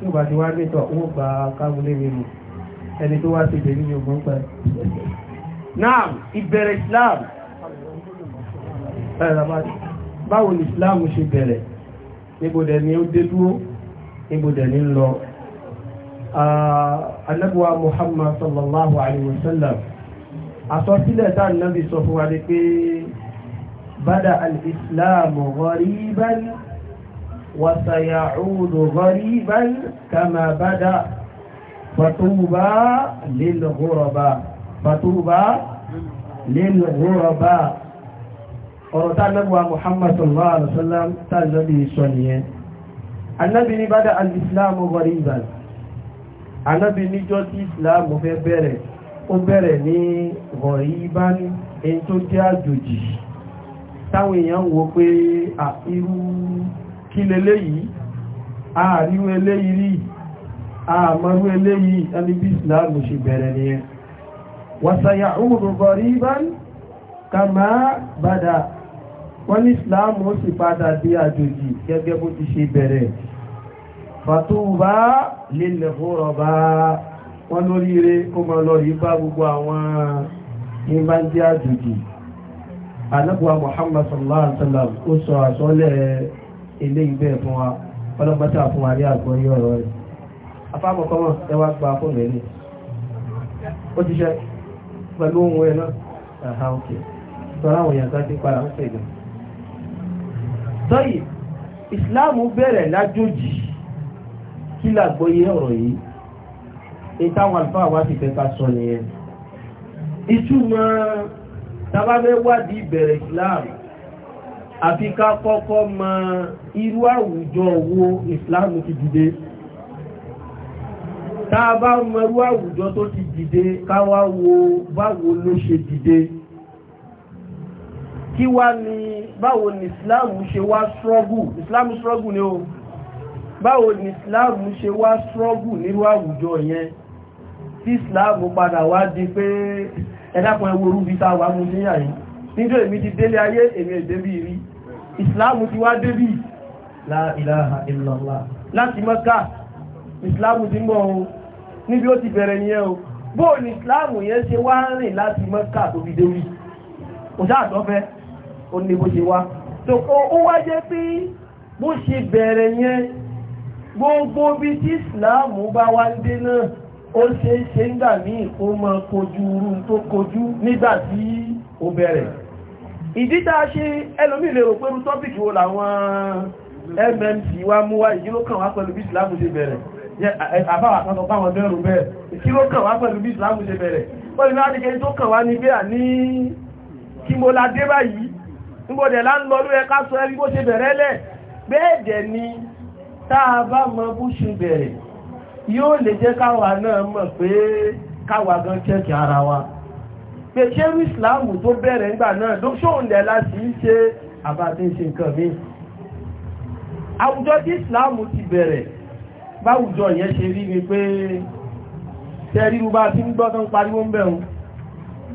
tí ó bá ti wá ní ìtọ̀ wọ́n gba kábúlé mi mú ẹni tó wá sí ìbẹ̀rù ní ọgbọ́n pẹ̀. náà ìbẹ̀rẹ̀ Islam báwo ni Islam ṣe bẹ̀rẹ̀ níbodẹ̀ ni ó dé dúró níbodẹ̀ ni lọ anábùwà Muhammad sallallahu alayhi wa sallam àsọsílẹ̀ tá ànábì sọ fún wa ni pé bada al-Islam ghariban وسيعود غريبا كما بدا فطوبى للغرباء فطوبى للغرباء ọ̀rọ̀ tá lẹ́gbà Muhammad sallallahu alaihi wasallam tá lọ́bí sọ nìyẹn anábi ní bada al-islam ghariban anábi níjọ́ tí islam fẹ́ bẹ̀rẹ̀ ó bẹ̀rẹ̀ ní ghariban èyí tó jẹ́ àjòjì táwọn èèyàn wo pé àìrú kí leléyìí ààríwé eléyìí rí àmọ́rú eléyìí ẹni bí ìsìláàmù ṣe bẹ̀rẹ̀ nìyẹn wàsàyà òmùrùgbọ̀ rí bá ń kàmà bàdà wọ́n ní ìsìláàmù ó sì padà dé àjòjì gẹ́gẹ́ bó ti ṣe bẹ̀rẹ̀ fàtúbà lílẹ̀ fúrọ̀bà wọ́n lóríire kó mọ lọ rí gbogbo àwọn ìbá àjòjì anábùwà Muhammad sallallahu alaihi wasallam ó sọ àsọlẹ̀ ilé ìgbé fún wa ọlọ́pàá fún wa rí àgbọ̀ yí ọ̀rọ̀ rẹ̀ afábọ̀kọ́mọ̀ ẹ wá gba fóònù ẹ̀ ní ó ti ṣe pẹ̀lú ohun ẹ̀ náà àhá òkè sọ́rọ̀ àwọn èèyàn kan ti padà ń pè gan sọ́yì ìsìláàmù bẹ̀rẹ̀ lájòjì kí làgbọ́yé ọ̀rọ̀ yìí ìtàwọn àlùfáà wá sì fẹ́ ká sọ nìyẹn ìtumọ̀ tàbá fẹ́ wádìí ìbẹ̀rẹ̀ kọ́kọ́ mọ irú àwùjọ owó Islam ti dìde tá a bá mọrú àwùjọ tó ti dìde káwá wo báwo ló ṣe dìde kí wá ní báwo ni Islam ṣe wá struggle Islam struggle ni o báwo ni Islam ṣe wá struggle nírú àwùjọ yẹn tí Islam padà wá di pé ẹ̀dàpọ̀ ẹwọ orúbí táwà mú sí yàrí níjọ́ èmi ti délé ayé èmi èdè rí Islam ti wá débí la ilaha illallah láti mọ́ká ìsìláàmù ti mọ́ o níbi ó ti bẹ̀rẹ̀ yẹn o bóò ní ìsìláàmù yẹn ṣe wá ń rìn láti mọ́ká tó fi dé wí kò sáà tọ́fẹ́ ó ní bó ṣe wá tó ó wá jẹ́ pé bó ṣe bẹ̀rẹ̀ yẹn gbogbo bí tí ń ṣe ń gbà ní ó kojú irú tó kojú nígbà ó bẹ̀rẹ̀ ìdí a ṣe ẹlòmíì lè rò pé irú tọ́pìkì wo làwọn mmc wá mú wá ìkí ló kàn wá pẹ̀lú bí ìsìlámù ṣe bẹ̀rẹ̀ àbáwà kan sọ fáwọn bẹ́rù bẹ́ẹ̀ ìkí ló kàn wá pẹ̀lú bí ìsìlámù ṣe bẹ̀rẹ̀ wọ́n ni láti kẹ́ tó kàn wá ní bí à ní kí mo la dé báyìí nígbòdẹ̀ láńlọ ló yẹ ká sọ ẹbí bó ṣe bẹ̀rẹ̀ lẹ̀ bẹ́ẹ̀ dẹ̀ ni tá a bá mọ bó ṣe bẹ̀rẹ̀ yóò lè jẹ́ káwa náà mọ̀ pé káwa gan kẹ́kì ara wa pé ṣé ìsìlámù tó bẹ̀rẹ̀ nígbà náà ló ṣóòǹdẹ̀ láti ṣe àbáṣe nǹkan mìíràn àwùjọ tí islam ti bẹ̀rẹ̀ báwùjọ yẹn ṣe rí ni pé tẹ́ríru bá ti ń gbọ́ tán pariwo ń bẹ̀rún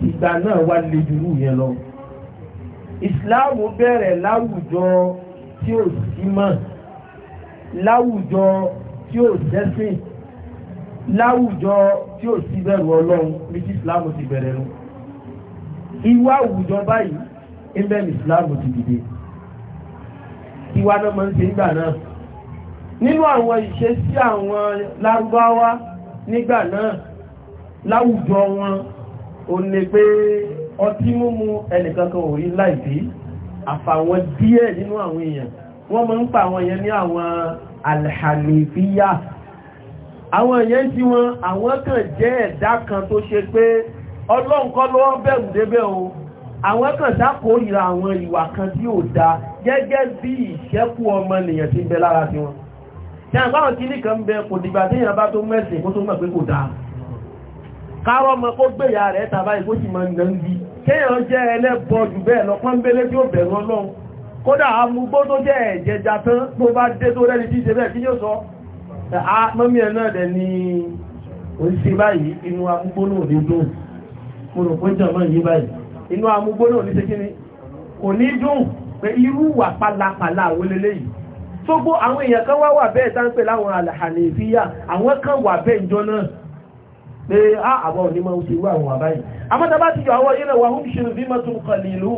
ìgbà náà wá lè jùrú yẹn lọ islam bẹ̀rẹ̀ láwùjọ tí ò sí mọ́ láwùjọ tí ò sẹ́sìn láwùjọ tí ò sí bẹ̀rù ọlọ́run bí tí islam ti bẹ̀rẹ̀ lọ ìwà àwùjọ báyìí ń bẹ̀rù islam ti dìde ti wá náà máa ń ṣe nígbà náà nínú àwọn ìṣesí àwọn lárúbáwá nígbà náà láwùjọ wọn ò ní pé ọtí múmu ẹnìkankan ò rí láìsí àfàwọn díẹ̀ nínú àwọn èèyàn wọ́n máa ń pa àwọn èèyàn ní àwọn alhànífíyà àwọn èèyàn tí wọn àwọn kan jẹ́ ẹ̀dá kan tó ṣe pé ọlọ́nkọ́ lọ́wọ́ bẹ̀rù débẹ̀ o àwọn kan dákòóyìra àwọn ìwà kan tí ó dá gẹ́gẹ́ bí ìṣẹ́kù ọmọ ènìyàn ti bẹ lára sí wọn tí a báwọn kí ní kan bẹ kò dìgbà tí ìyàn bá tó mẹ́sìn kó tó mọ̀ pé kò dáa kárọ́ ọmọ kó gbéyà rẹ̀ tàbá ìkó sì mọ̀ nà ń bí kéèyàn jẹ́ ẹlẹ́bọ jù bẹ́ẹ̀ lọ pọ́nbélé tí ó bẹ̀rù Ọlọ́run kódà amúgbó tó jẹ́ ẹ̀jẹ̀jà tán tó bá dé tó rẹ́ni tí ṣe bẹ́ẹ̀ kí yóò sọ mọ́mí ẹ̀ náà dẹ̀ mo rò pé jọ̀mọ́ yìí báyìí inú amúgbó náà ní ṣekíní kò ní dùn pé irú wà pálapàla àwọn lélẹ́ yìí tó gbó àwọn èèyàn kan wá wà bẹ́ẹ̀ tá ń pè láwọn Hànífíyà àwọn kan wà bẹ́ẹ̀ ìjọ náà pé àwọn onímọ̀ ó ti wá àwọn àbáyìí àmọ́ta bá ti yọ àwọn ilẹ̀ wà hún ṣe bí mọ́tún kọlì ìlú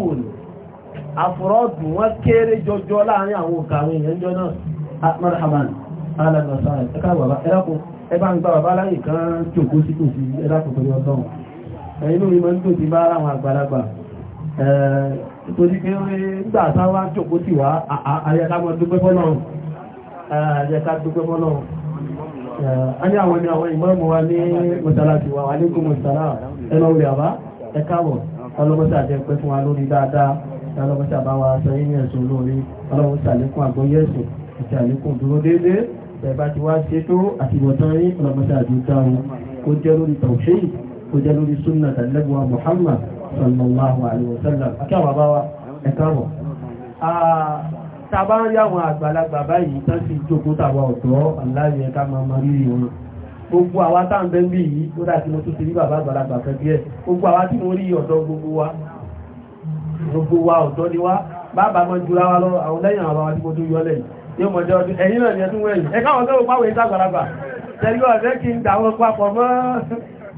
àfúrọ́dù wọ́n kéré jọjọ láàrin àwọn òkàwé ìyẹnjọ ń gbà bàbá láyé kan jòkó sí kò sí ẹ̀rákùn pẹ̀lú ọdọ́run inú mi máa ń tó ti bá ara àwọn àgbàlagbà nítorí pé nígbà táwa jòkó sí wa àyẹ̀ká mọ́ dúpẹ́ fọ́nà àyẹ̀ká dúpẹ́ fọ́nà a ní àwọn ni àwọn ìmọ̀ọ̀mù wa ní mọ̀sálásí wa wà ní kó mọ̀sálá ẹnà orí àbá ẹ káàbọ̀ ọlọ́mọsí àti ẹgbẹ́ fún wa lórí dáadáa ọlọ́mọsí àbá wa sọ yín ẹ̀sùn lórí ọlọ́mọsí àlékún àgbọ́yé ẹ̀sùn àti àlékún dúró déédéé bẹ̀ẹ̀bá ti wá ṣe tó àti ìwọ̀tán yín ọlọ́mọsí àti ìdáhùn kó jẹ́ lórí tàùṣẹ́yìn kó jẹ́ lórí súnà tàlẹ́bùwà Muhammad sallallahu alaihi wasallam akẹ́wà bá wa ẹ̀káwọ̀ tàbá ń yáwọn àgbàlagbà báyìí tán sì jókòó tàwa ọ̀dọ́ aláàrẹ ẹ̀ká máa ma rírì wọn gbogbo àwa tá ń bẹ́ ń bí yìí ó dá sí mo tún ti rí bàbá àgbàlagbà kan bí ẹ̀ gbogbo àwa tí mo rí ọ̀dọ́ gbogbo wa gbogbo wa ọ̀dọ́ ni wa bàbá mọ́ jura wa lọ àwọn lẹ́yìn àwọn àwọn tí mo tún yọ lẹ́yìn yóò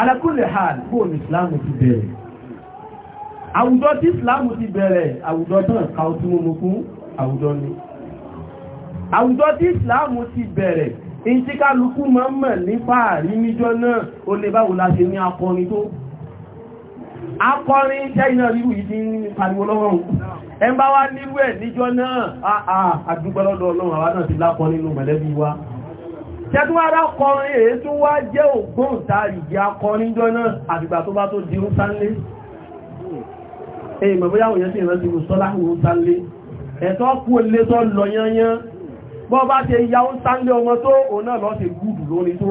alákùnlẹ̀ hàn bó ní ìsìláàmù ti bẹ̀rẹ̀ àwùjọ tí ìsìláàmù ti bẹ̀rẹ̀ àwùjọ tán ká o tí mo mú fún àwùjọ ni àwùjọ tí ìsìláàmù ti bẹ̀rẹ̀ in tí kálukú mọ́ mọ̀ ní fàárí níjọ́ náà ó lè báwo la ṣe ní akọrin tó akọrin jẹ́ iná ríru yìí ní pariwo lọ́wọ́ ẹ̀ tẹ́tún ara kọrin èyí tó wá jẹ́ ògbóǹtarìgì akọrin jọ náà àtìgbà tó bá tó di rúsánlé èyí mẹ̀bóyá òyẹ́ sí ìrántí rúsọ́lá rúsánlé ẹ̀tọ́ kú olè tọ́ lọ yányán bọ́ bá ṣe ya ó sánlé ọmọ tó òun náà lọ́ ṣe gúdù lórí tó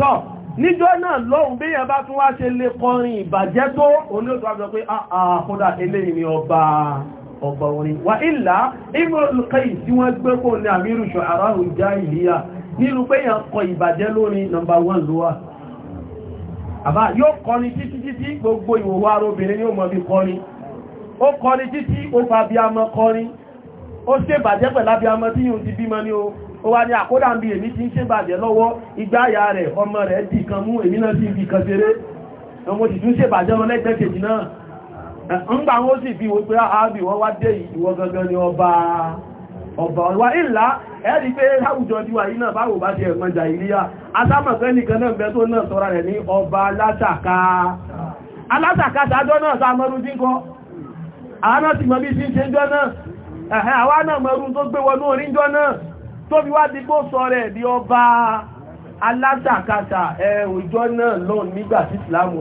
tọ́ níjọ́ náà lọ́hùn bí yẹn bá tún wá ṣe lè kọrin ìbàjẹ́ tó òun ọgbà orin wà ìlà ìmọ̀lùkẹ́ tí wọ́n gbé kó ní àmírù ṣọ̀hárá ìjà ìlíyà nínú pé yàn kọ ìbàjẹ́ lórí nọmbà 1 lówà àbá yóò kọni títí títí gbogbo ìwòwò arobìnrin yóò mọ̀ bí kọni ó kọni títí ó fa bí amọ́ kọni ó ṣèbàjẹ́ pẹ̀lá bí amọ́ tí yóò ti bímọ ní o ó wá ní àkódà ń bí èmi ti ń ṣèbàjẹ́ lọ́wọ́ ìgbáyà rẹ̀ ọmọ rẹ̀ dì kan mú èmi náà sí ibi kan ṣeré ọmọ òtìtún ṣèbàjẹ́ ọmọ lẹ́gbẹ̀ẹ́ kejì náà ńgbà wọ́n sì bí wọ́n pé ààbì wọ́n wá dé ni ọba ọba ọ̀wà ìlà ẹ́rí pé láwùjọ díwà yìí báwò bá ti ẹ̀gbọ́n jà ìlíyà asámọ̀fẹ́ nìkan náà bẹ́ tó náà rẹ̀ ní ọba alátàkà alátàkà ti si ẹ̀ náà lọ nígbà ìsìlámù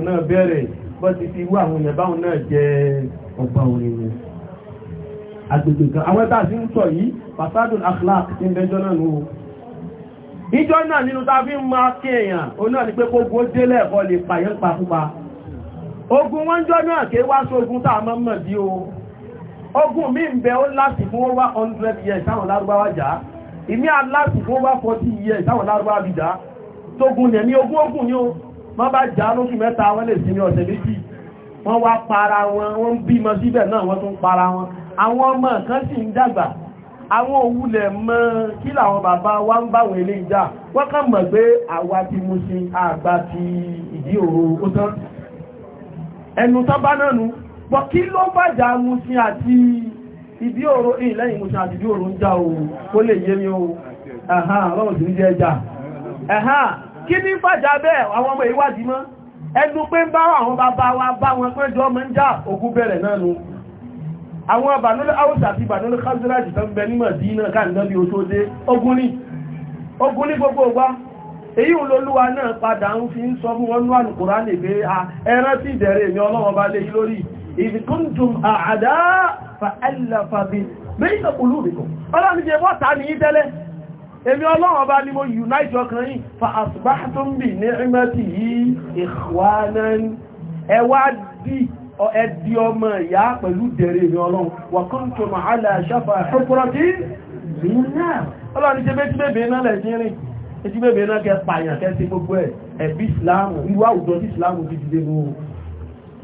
bọ́ ti fi wá àwọn èèyàn báwọn náà jẹ ọgbà òrìrìn agbègbè kan àwọn ẹgbà sí ń sọ yìí fasadun akhlaq ti ń bẹjọ́ náà nù ìjọ náà nínú ta fi ń ma kí èèyàn o náà ni pé kógún délẹ̀ ẹ̀kọ́ lè pàyẹ́ pàkúpa ogun wọ́n jọ náà ké wá sógun tá a mọ́ mọ̀ bí o ogun mi ń bẹ ó láti fún over 100 years táwọn lárúbáwá jà ìmí aláti fún over 40 years táwọn lárúbáwá bìjà tógun nẹ̀mí ogun ogun ni o wọ́n bá já lóṣù mẹ́ta wọ́n lè sinmi ọ̀sẹ̀ méjì wọ́n wá para wọn wọ́n ń bímọ síbẹ̀ náà wọ́n tún para wọn àwọn ọmọ kan sì ń dàgbà àwọn òwúlẹ̀ mọ́ kí làwọn bàbá wa ń báwọn ilé ìjà wọ́n kàn mọ̀ pé àwa ti mú sí àgbà ti ìdí òru ó tán ẹnu tán bá náà nu bọ̀ kí ló bàjá mú sí àti ìdí òru ìlẹ́yìn mú sí àti ìdí òru ń já o kó lè yé mi o ẹ̀hán ọlọ́run sì ń jẹ́ ẹja ẹ̀hán kí ní fàjá bẹ́ẹ̀ àwọn ọmọ ìwádìí mọ́ ẹnu pé ń bá àwọn bàbá wa bá wọn pé jọ mọ́ ń já ogun bẹ̀rẹ̀ náà nu àwọn àbànúlẹ̀ haúsá àti ìbànúlẹ̀ kánsíláàjì tó ń bẹ ní mọ̀dínà káàndán bí o tó dé ogun ní ogun ní gbogbo wa èyí olóluwa náà padà ń fi ń sọ fún wọn níwànù kòránì pé ẹran tí ìdẹ̀rẹ̀ èmi ọlọ́wọ́ bá lé lórí ìfikúntùm àdá fa'allafa bí èmi ọlọ́run ọba ni mo unite ọkàn yìí fa asbahtum bi ni'matihi ikhwanan ẹ wá di ẹdí ọmọ ìyá pẹ̀lú dẹ̀rẹ̀ èmi ọlọ́run ala shafa hufratin nínú ọlọ́run ṣe méjì bèbè náà lẹ́jìnrìn etí bèbè náà kẹ pààyàn kẹ sí gbogbo ẹ̀ ẹ̀bí ìsìláàmù ìlú àwùjọ sí ìsìláàmù ti dìde mú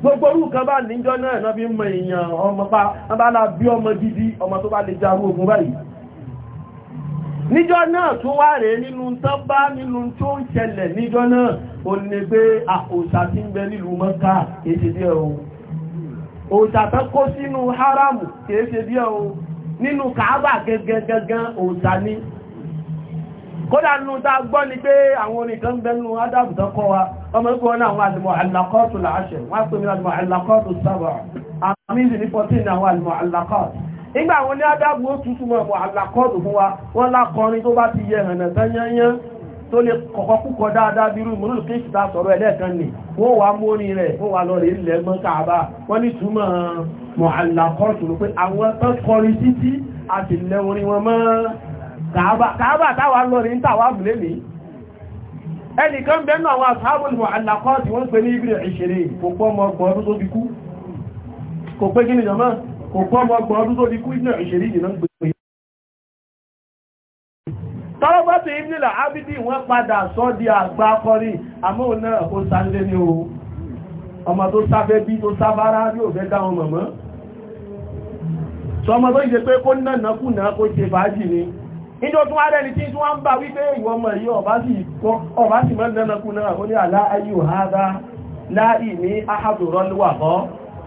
gbogbo orú kan bá níjọ́ náà náà fi mọ èèyàn ọmọ bá bí ọmọ gidi ọmọ tó bá lè jarú ogun báyìí níjọ́ náà tó wà rẹ̀ nínú tán bá nínú tó ń ṣẹlẹ̀ níjọ́ náà o ní pé òṣà tí ń bẹ nílùú mọ́ká kéèṣe díẹ̀ o òṣà tán kó sínú haramu kéèṣe díẹ̀ o nínú kàábà gẹ́gẹ́gẹ́gán òṣà ní kódà nínú tá gbọ́ ni pé àwọn onìkan bẹ nínú adábù tán kọ́ wa ọmọ ìgbò wọn àwọn àlùmọ̀ àlàkọ́ọ̀tù làáṣẹ̀ wọ́n á pè mí àlùmọ̀ àlàkọ́ọ̀tù sábà àmì ìsìn ní 14 àwọn àlùmọ̀ àlàkọ́ọ̀tù nígbà àwọn ní ádámù ó tútù wọn mọ̀ àlàkọ́ọ̀dù fún wa wọ́n lákọrin tó bá ti yẹ hànà tányányán tó lè kọ̀kọ́ púpọ̀ dáadáa bírú múlù kí ìṣìta sọ̀rọ̀ ẹlẹ́ẹ̀kan nì wọ́n wá mórí rẹ̀ wọ́n wá lọ rí ilẹ̀ mọ́ káàbá wọ́n ní túmọ̀ mọ̀ àlàkọ́ọ̀tù ló pé àwọn tán kọrin títí àti lẹ́wọ̀rin wọn mọ́ káàbá táwa lọ kí ni jọmọ́ kò pọ́ mọ́gbọ́n ọdún tó di kú ìdínà wọ́n padà sọ di àgbà akọrin àmọ́ òun náà ó sáré ní o ọmọ tó sábẹ́ bí tó sábára yóò fẹ́ dáwọn mọ̀mọ́ sọmọ tó ìṣe pé kó náà kùnà kó ṣe fàájì ni níjọ tó wá rẹni tí wọ́n bá wípé ìwọ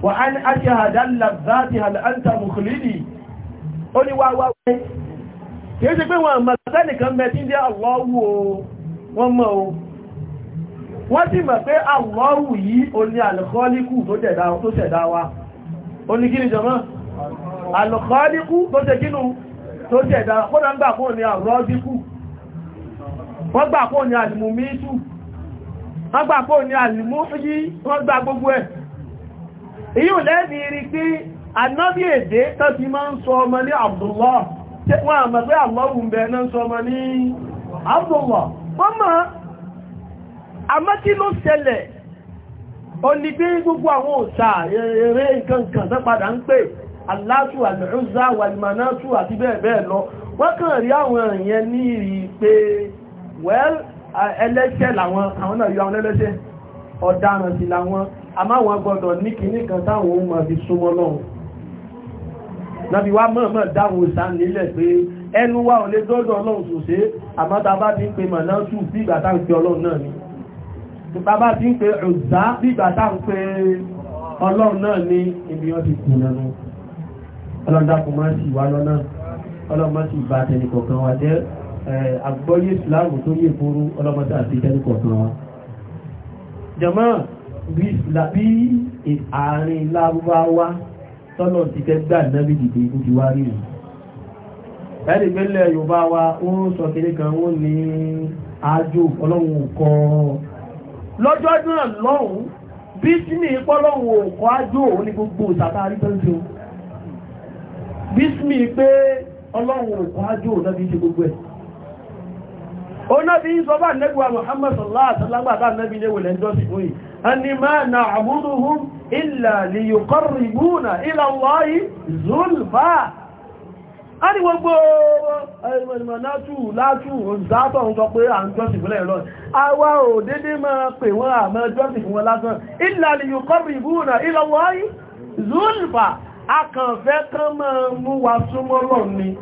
wà á ní aṣíhàdá làzáàtì àlàáńtà mùkùlìdì ó ní wá wá wé kìí ṣe pé wọn mọ̀sẹ́ nìkan mẹ́ tí ń jẹ́ àlọ́wù wọn mọ̀ o wọ́n sì mọ̀ pé àlọ́wù yìí ó ní àlùkọ́líkù tó ṣẹ̀dá wa ó ní kíni jọmọ́ àlùkọ́líkù tó ṣe kínú tó ṣẹ̀dá kódà ń gbà kó ní àrọ́díkù wọ́n gbà kó ní àlùmùmíṣù wọ́n gbà kó ní àlùmúyí wọ́n gbà gbogbo ẹ̀ yíò lẹ́bí rí pé anábí èdè tó ti máa ń sọ ọmọ ní Abdullah wọ́n àmà pé àlọ́wùn bẹ̀ẹ́ náà sọ ọmọ ní Abdullah wọ́n máa àmọ́ kí ló ṣẹlẹ̀ ó ní pé gbogbo àwọn òṣà eré nǹkan tó padà ń pè Allatu al-Uzza lọ well na sí làwọn àmọ́ àwọn gbọ́dọ̀ ní kìíní kan táwọn ohun máa fi súnmọ́ lọ́hùn nàbí wá mọ̀ọ́mọ̀ dáhùn ìsá nílẹ̀ pé ẹnu wa ò lè dọ́dọ̀ ọlọ́run sòṣe àmọ́ ta bá ti ń pe mọ̀nà tù bí ìgbà tá ń pe ni ta bá ti ń pe ọ̀zá bí ìgbà tá ń pe ọlọ́run àgbọ́yé ìsìláàmù tó yé fóró ọlọ́mọ sí àti tẹnìkọ̀ọ̀kan wa jàmáà bí àárín lárúbáwá tọ́nà ti fẹ́ gbà náàbì dìde ikú ti wá rí ẹ̀rì pẹ́lẹ̀ Yorùbá wa ó sọ kéré kan ó ní àjò ọlọ́run kọ lọ́jọ́ náà lọ́hùn bí sínú ìpọ́lọ́run òkọ́ àjò òní gbogbo ìsàtàrí tó ń ṣe bísmì pé ọlọ́run òkọ́ àjò náà ọ̀nà bí sọ bá nẹ́gbà Muhammad sallallahu alaihi wasallam bá nẹ́bí léwò lẹ́jọ́sì fún yìí ẹni máa na àbúrúhùn illa li yuqarribuna ila Allahi zulfa a ní gbogbo ẹ̀rìnmọ̀nátù látù òǹsátọ̀ ń sọ pé à ń jọ́sì fúnlẹ̀ lọ àwa ò dédé máa pè wọ́n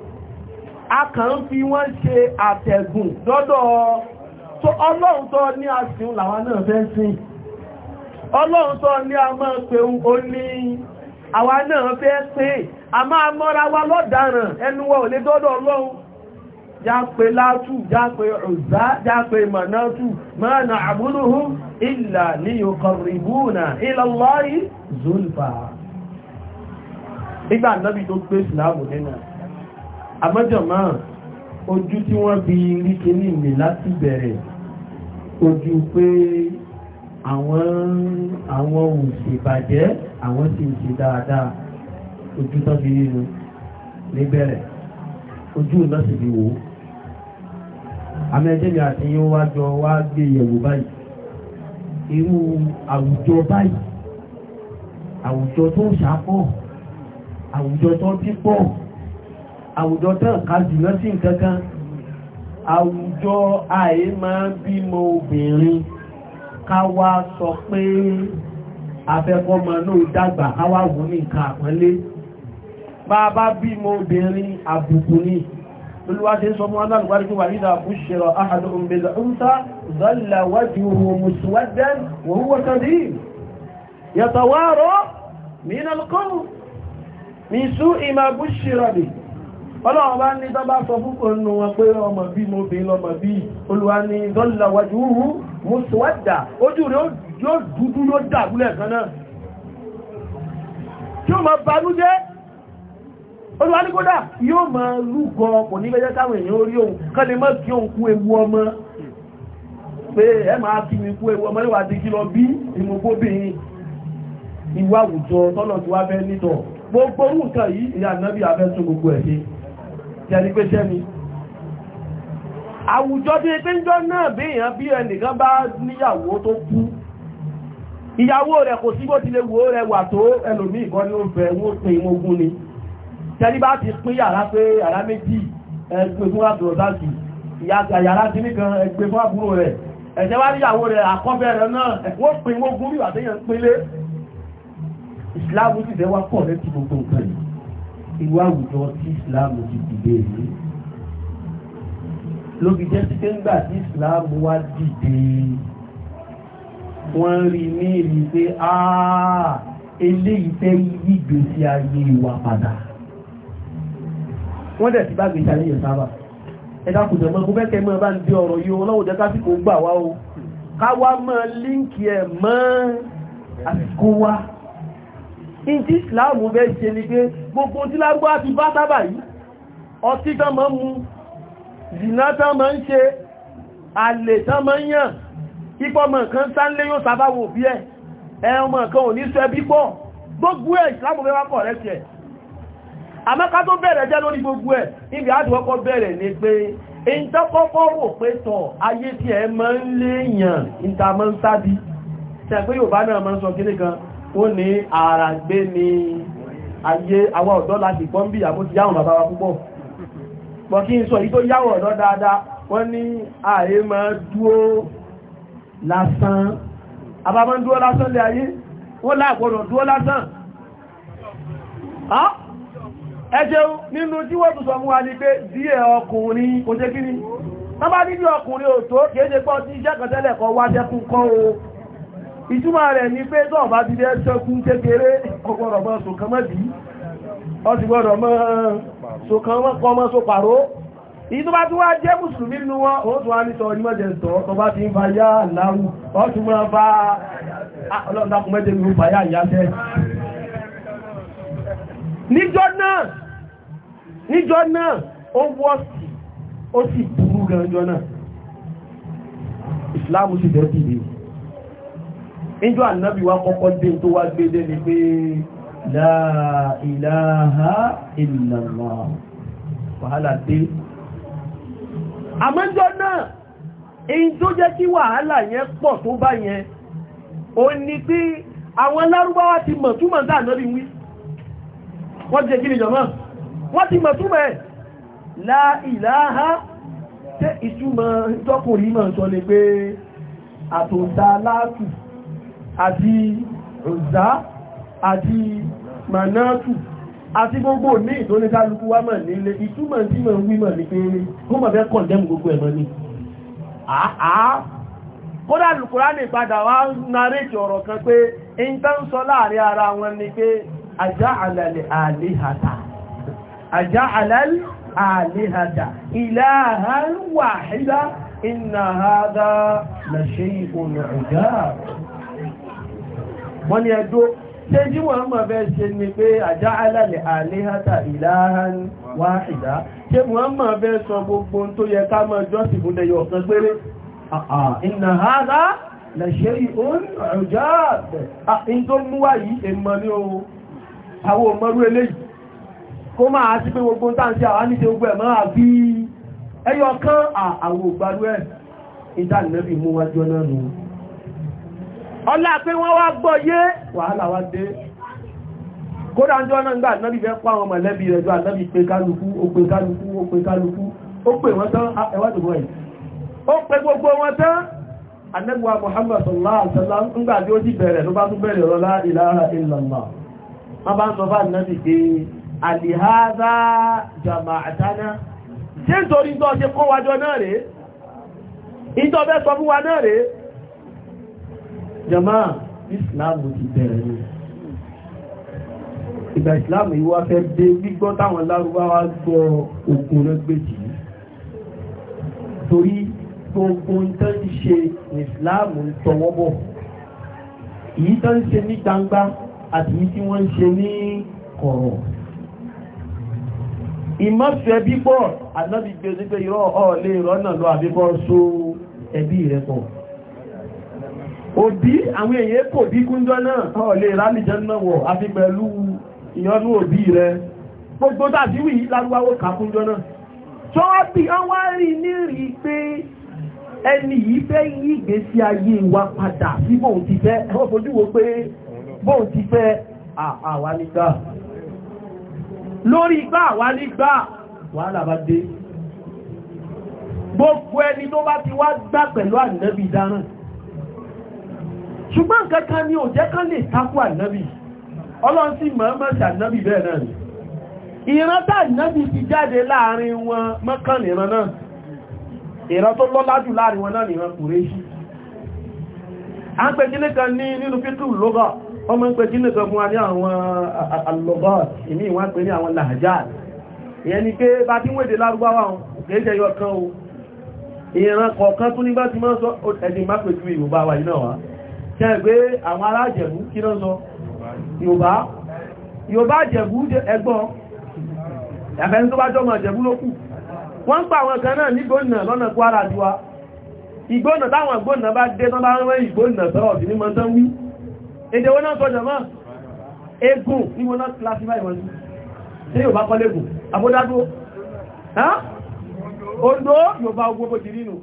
a kàn fi wọ́n ṣe àtẹ̀gùn lọ́dọ̀ tó ọlọ́run tó ní àsìn làwọn náà fẹ́ sìn ọlọ́run tó ní a máa pe ó ní àwa náà fẹ́ pé a máa mọ́ra wa lọ́daràn ẹnu wa lè dọ́dọ̀ ọlọ́run já pé látù já pé ọ̀zá àmọ́jọ̀mọ́ ojú tí wọ́n fi rí kíní mi láti bẹ̀rẹ̀ ojú pé àwọn àwọn òṣèbàjẹ́ àwọn sì ń ṣe dáadáa ojú tó fi rí nu níbẹ̀rẹ̀ ojú náà sì fi wò ó àmì àti yín wá jọ wá gbé yẹ̀wò báyìí irú àwùjọ báyìí àwùjọ tó ṣàpọ̀ àwùjọ tó dípọ̀ àwùjọ tán ká jùlọ sí nǹkan kan àwùjọ àyè máa ń bímọ obìnrin ká wá sọ pé afẹ́kọ́mọ náà dàgbà ká wá wù ní nǹkan àpọ́nlé bá a bá bímọ obìnrin àbùkù ni olúwáṣe sọ mọ́ aláàlùwárí tó wà nígbà fún ṣẹlọ ahàdó òmìnira òmìnira ọlọ́run bá ní tọ́bá sọ púpọ̀ nínú wọn pé ọmọ bí mo bí lọmọ bí olúwa ní ìdọ́lọ́wọ́jú rú mú sọ́wọ́dà ojú rẹ̀ yóò dúdú ló dàgúlẹ̀ kan náà tí ó máa banújẹ́ olúwa ní kódà yóò máa lúgọ kò ní bẹ́jẹ́ táwọn èèyàn orí òun kán lè mọ́ kí òun kú ewu ọmọ pé ẹ máa kí mi kú ewu ọmọ ìwà àwùjọ tọ́lọ̀ tí wá fẹ́ nítọ̀ gbogbo orúkọ yìí ìyá náà bí abẹ́ tó gbogbo ẹ̀ tẹ̀lé pé sẹ́mi àwùjọ tí pé ń jọ náà bí èèyàn bí ẹnìkan bá níyàwó tó kú ìyàwó rẹ̀ kò sí bó ti lè wò rẹ̀ wà tó ẹlòmí ìkan ní oúnjẹ wọ́n pè ogun ni tẹ́lí bá ti pín yàrá pé yàrá méjì ẹgbẹ́ fún àbúrọ̀sáàkì yàrá sí nìkan ẹgbẹ́ fún àbúrò rẹ̀ ẹ̀ṣẹ́ wá níyàwó rẹ̀ àkọ́fẹ́ rẹ̀ náà wọ́n pè ogun bí wà irú àwùjọ tí ìsìláàmù ti dìde rí ló fi jẹ́ sí ńgbà tí ìsìláàmù wá dìde wọ́n rí ní èrí pé áà eléyìí fẹ́ yí gbèsè ayé wa padà wọ́n dẹ̀ ti bá gbèsè ayé yẹn sábà ẹ̀dá kò jẹ̀mọ́ kó fẹ́kẹ́ mọ́ bá ń dé ọ̀rọ̀ yìí ọlọ́wọ́ jẹ́ kásìkò gbà wá o káwá mọ́ líǹkì ẹ̀ mọ́ àsìkò wa in tí ìsìláàmù bẹ́ ṣe ní pé gbogbo tí lágbà ti bá sábà yìí ọtí tán máa ń mu zìnà tán máa ń ṣe àlè tán máa ń yàn ipọ́ ọmọ kan sáńlé yóò sábáwò bí ẹ̀ ẹ ọmọ kan ò ní sọ ẹbí pọ̀ gbogbo ẹ̀ ìsìláàmù bẹ́ wá pọ̀ rẹ̀ tiẹ̀ àmọ́ká tó bẹ̀rẹ̀ jẹ́ lórí gbogbo ẹ̀ ibi àdúgbọ́kọ́ bẹ̀rẹ̀ ní pé in tó kọ́kọ́ rò pé tọ̀ ayé wọ́n ní ara gbé ní ayé àwọn ọ̀dọ́ láti gbọ́n bí àbó ti yáwọn bàbá wa púpọ̀ pọ̀ kí n sọ yí tó yáwọn ọ̀dọ́ dáadáa wọ́n ní ààyè máa dúó lásán àbámọ́ dúó lásán lé ayé wọ́n láàgbọ́dọ̀ dúó lásán ẹjẹ́ nínú tí wọ́n tún sọ mú wa ní pé díẹ̀ ọkùnrin kò jẹ́ kí ni wọ́n bá nílé ọkùnrin òtó kìí ṣe pọ́ tí iṣẹ́ kan tẹ́lẹ̀ kan kọ́ o ìtumọ̀ rẹ̀ ní pé tó bá ti dẹ́ sẹ́kún kékeré ọgbọ̀rọ̀ mọ́ sọ̀kan mọ́ bí ọ ti gbọ́dọ̀ mọ́ sọ̀kan mọ́ sọ pàró ìyí tó bá tún wá jẹ́ mùsùlùmí nínú wọn ó tún wá ní sọ ní mọ́jẹ̀ sọ tó bá ti ń fa yá láwù ó tún ah, mọ́ bá ọlọ́dàkùn mẹ́jẹ̀ mi ó fa yá ìyáṣẹ́ níjọ́ náà níjọ́ náà ó wọ́sì ó sì burú gan jọ níjọ́ ànábì wá kọ́kọ́ dé tó wá gbé dé ni pé la ilaha illallah wàhálà dé àmọ́jọ́ náà èyí tó jẹ́ kí wàhálà yẹn pọ̀ tó bá yẹn ó ní pé àwọn lárúbáwá ti mọ̀ túmọ̀ dá ànábì wí wọ́n jẹ́ kí jọmọ́ wọ́n ti mọ̀ túmọ̀ ẹ̀ la ilaha tẹ́ ìtumọ̀ tọkùnrin mọ̀ sọ ni pé àtòǹtà látùkù àti ọ̀zá àti manatu àti gbogbo ní ìtóníkálukú wá mọ̀ nílé ìtumọ̀ tí mọ̀ ń wímọ̀ ní péré kó mọ̀ fẹ́ kọ̀ndẹ́mù gbogbo ẹ̀mọ́ ní àá kódà lùkùránì padà wá naréjì ọ̀rọ̀ kan pé in tán sọ láàrin ara wọn ni pé àjá àlàlẹ̀ àléhàtà àjá àlàlẹ̀ àléhàtà ilahan wahida inna wọ́n ní ẹ̀dọ́ ṣé jí wọ́n mọ̀ fẹ́ ṣe ni pé àjá alálẹ̀ àléhátà ìlàhán wáhìdá ṣé wọ́n mọ̀ fẹ́ sọ gbogbo tó yẹ ká mọ̀ jọ́sìn fún ẹyọ ọ̀kan péré ìnà hádá lẹ̀ṣẹ́ ìhún ọjọ́ àbẹ̀ tó mú wá yìí èmọ̀ ní ohun àwọn ẹ̀ ìdánilẹ́bì mú wájọ́ náà nù ọlá pé wọ́n wá gbọ́ yé wàhálà wá dé kódà ń jọ náà gbà náà bíbẹ́ pa àwọn mọ̀lẹ́bí rẹ̀ jọ àtàbí pé kálukú ó pé kálukú ó pé kálukú ó pè wọ́n tán ẹwàdùgbọ́ ẹ̀ ó pè gbogbo wọn tán anẹ́gbà Muhammad sallallahu alaihi wasallam ńgbà tí ó sì bẹ̀rẹ̀ ló bá tún bẹ̀rẹ̀ ọ̀rọ̀ la ilaha illallah wọ́n bá ń sọ fáà náà pé alihada jama'atana ṣé nítorí tó ṣe kó wájọ náà rèé ìjọba sọ fún wa náà rèé jama ìsìláàmù ti bẹ̀rẹ̀ ni ìgbà ìsìláàmù yíwá fẹ́ dé gbígbọ́ táwọn lárúbáwá gbọ́ ogun rẹ́gbẹ̀jì torí gbogbo tó ń ṣe ìsìláàmù ń tọwọ́ bọ̀ èyí tó ń ṣe ní gbangba àti èyí tí wọ́n ń ṣe ní kọ̀rọ̀ ìmọ̀fẹ́ bíbọ̀ ànábìgbè nígbè irọ́ ọ̀ọ́lé ìrọ́nà lọ àbíbọ̀ so ẹbí rẹ̀ pọ̀ òbí àwọn èèyàn kò bí kúnjọ náà tọ́ lè rálìjẹ́ náà wọ̀ àfi pẹ̀lú ìyọnú òbí rẹ gbogbo tàbí wì lárúbáwó kà kúnjọ náà tó wá bí wọ́n wá rí nírí pé ẹni yìí fẹ́ yí ìgbésí ayé wa padà sí bóun ti fẹ́ ẹ̀wọ́n fojú wo pé bóun ti fẹ́ àwa nígbà lórí igbá àwa nígbà wàhálà bá gbogbo ẹni tó bá ti wá gbà pẹ̀lú ànábì dáràn ṣùgbọ́n nǹkan ni ò jẹ́ kán lè takú ànábì ọlọ́run sì mọ̀ọ́mọ̀ ṣànábì bẹ́ẹ̀ náà ni ìran tá ànábì ti jáde láàrin wọn mọ́kànlìran náà ìran tó lọ́lájù láàrin wọn náà nìran Kùréṣì a ń pè kílé kan ní nínú fíkù lọ́gọ́ ọmọ ń pè kílé kan fún wa ní àwọn alọ́gọ́ ìmí ìwọ́n pè ní àwọn làjá ni pé bá tí wọ́n èdè lárúbáwá kéèjẹ yọ ìran kọ̀ọ̀kan tún nígbà tí sọ ẹ̀dìn má pẹ̀lú ìrùbá wa yìí náà wá ṣe pé àwọn ará jẹ̀bú kí ló sọ Yorùbá Yorùbá jẹ̀bú ẹgbọ́n ẹ̀fẹ́ tó bá jọmọ̀ jẹ̀bú ló kù wọ́n ń pa àwọn kan náà ní gbónà lọ́nà Kwara juwa ìgbónà táwọn gbónà bá dé tán bá rán ìgbónà sọ́rọ̀ sí ní mọ́ntán wí èdè wọ́n náà sọ́jọ̀ mọ́ egun ní wọ́n náà classify wọn sí tí yóò bá kọ́lé gùn àbódádó Ondo Yorùbá ogbogbo ti rínú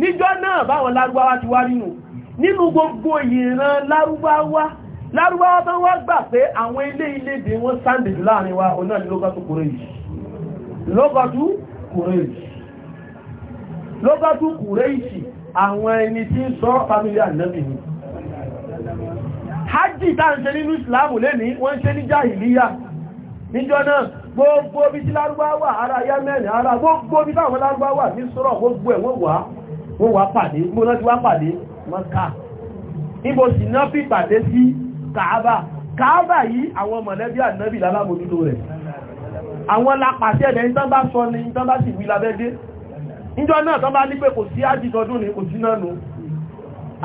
níjọ́ náà báwọn lárúbáwá ti wá rínú nínú gbogbo ìran lárúbáwá lárúbáwá tán wá gbà pé àwọn ilé ilé dè wọ́n sáǹdì jù láàrin wa ọ̀nà lókàtú kùrẹ́jì lókàtú kùrẹ́jì lókàtú kùrẹ́jì àwọn ẹni tí ń sọ family ànábì ni hajji tá ń se nínú ìsìláàmù lẹ́ni wọ́n ṣe ní jahiliya níjọ́ náà gbogbo bí tí lárúbáwà ara yẹ́mẹ́rin ara gbogbo bí táwọn lárúbáwà ní sọ́rọ̀ gbogbo ẹ̀ wọ́n wà pàdé mọ́ká níbo sì náà fi pàdé sí kàábà kàábà yìí àwọn mọ̀lẹ́bí ànábì lálámòdúdó rẹ̀ àwọn lápàṣẹ ẹ̀dẹ̀ ní tán bá sọ ní tán bá sì wí labẹ́dé níjọ náà tán bá ní pé kò sí ájìdọdún ní kò sí náà nù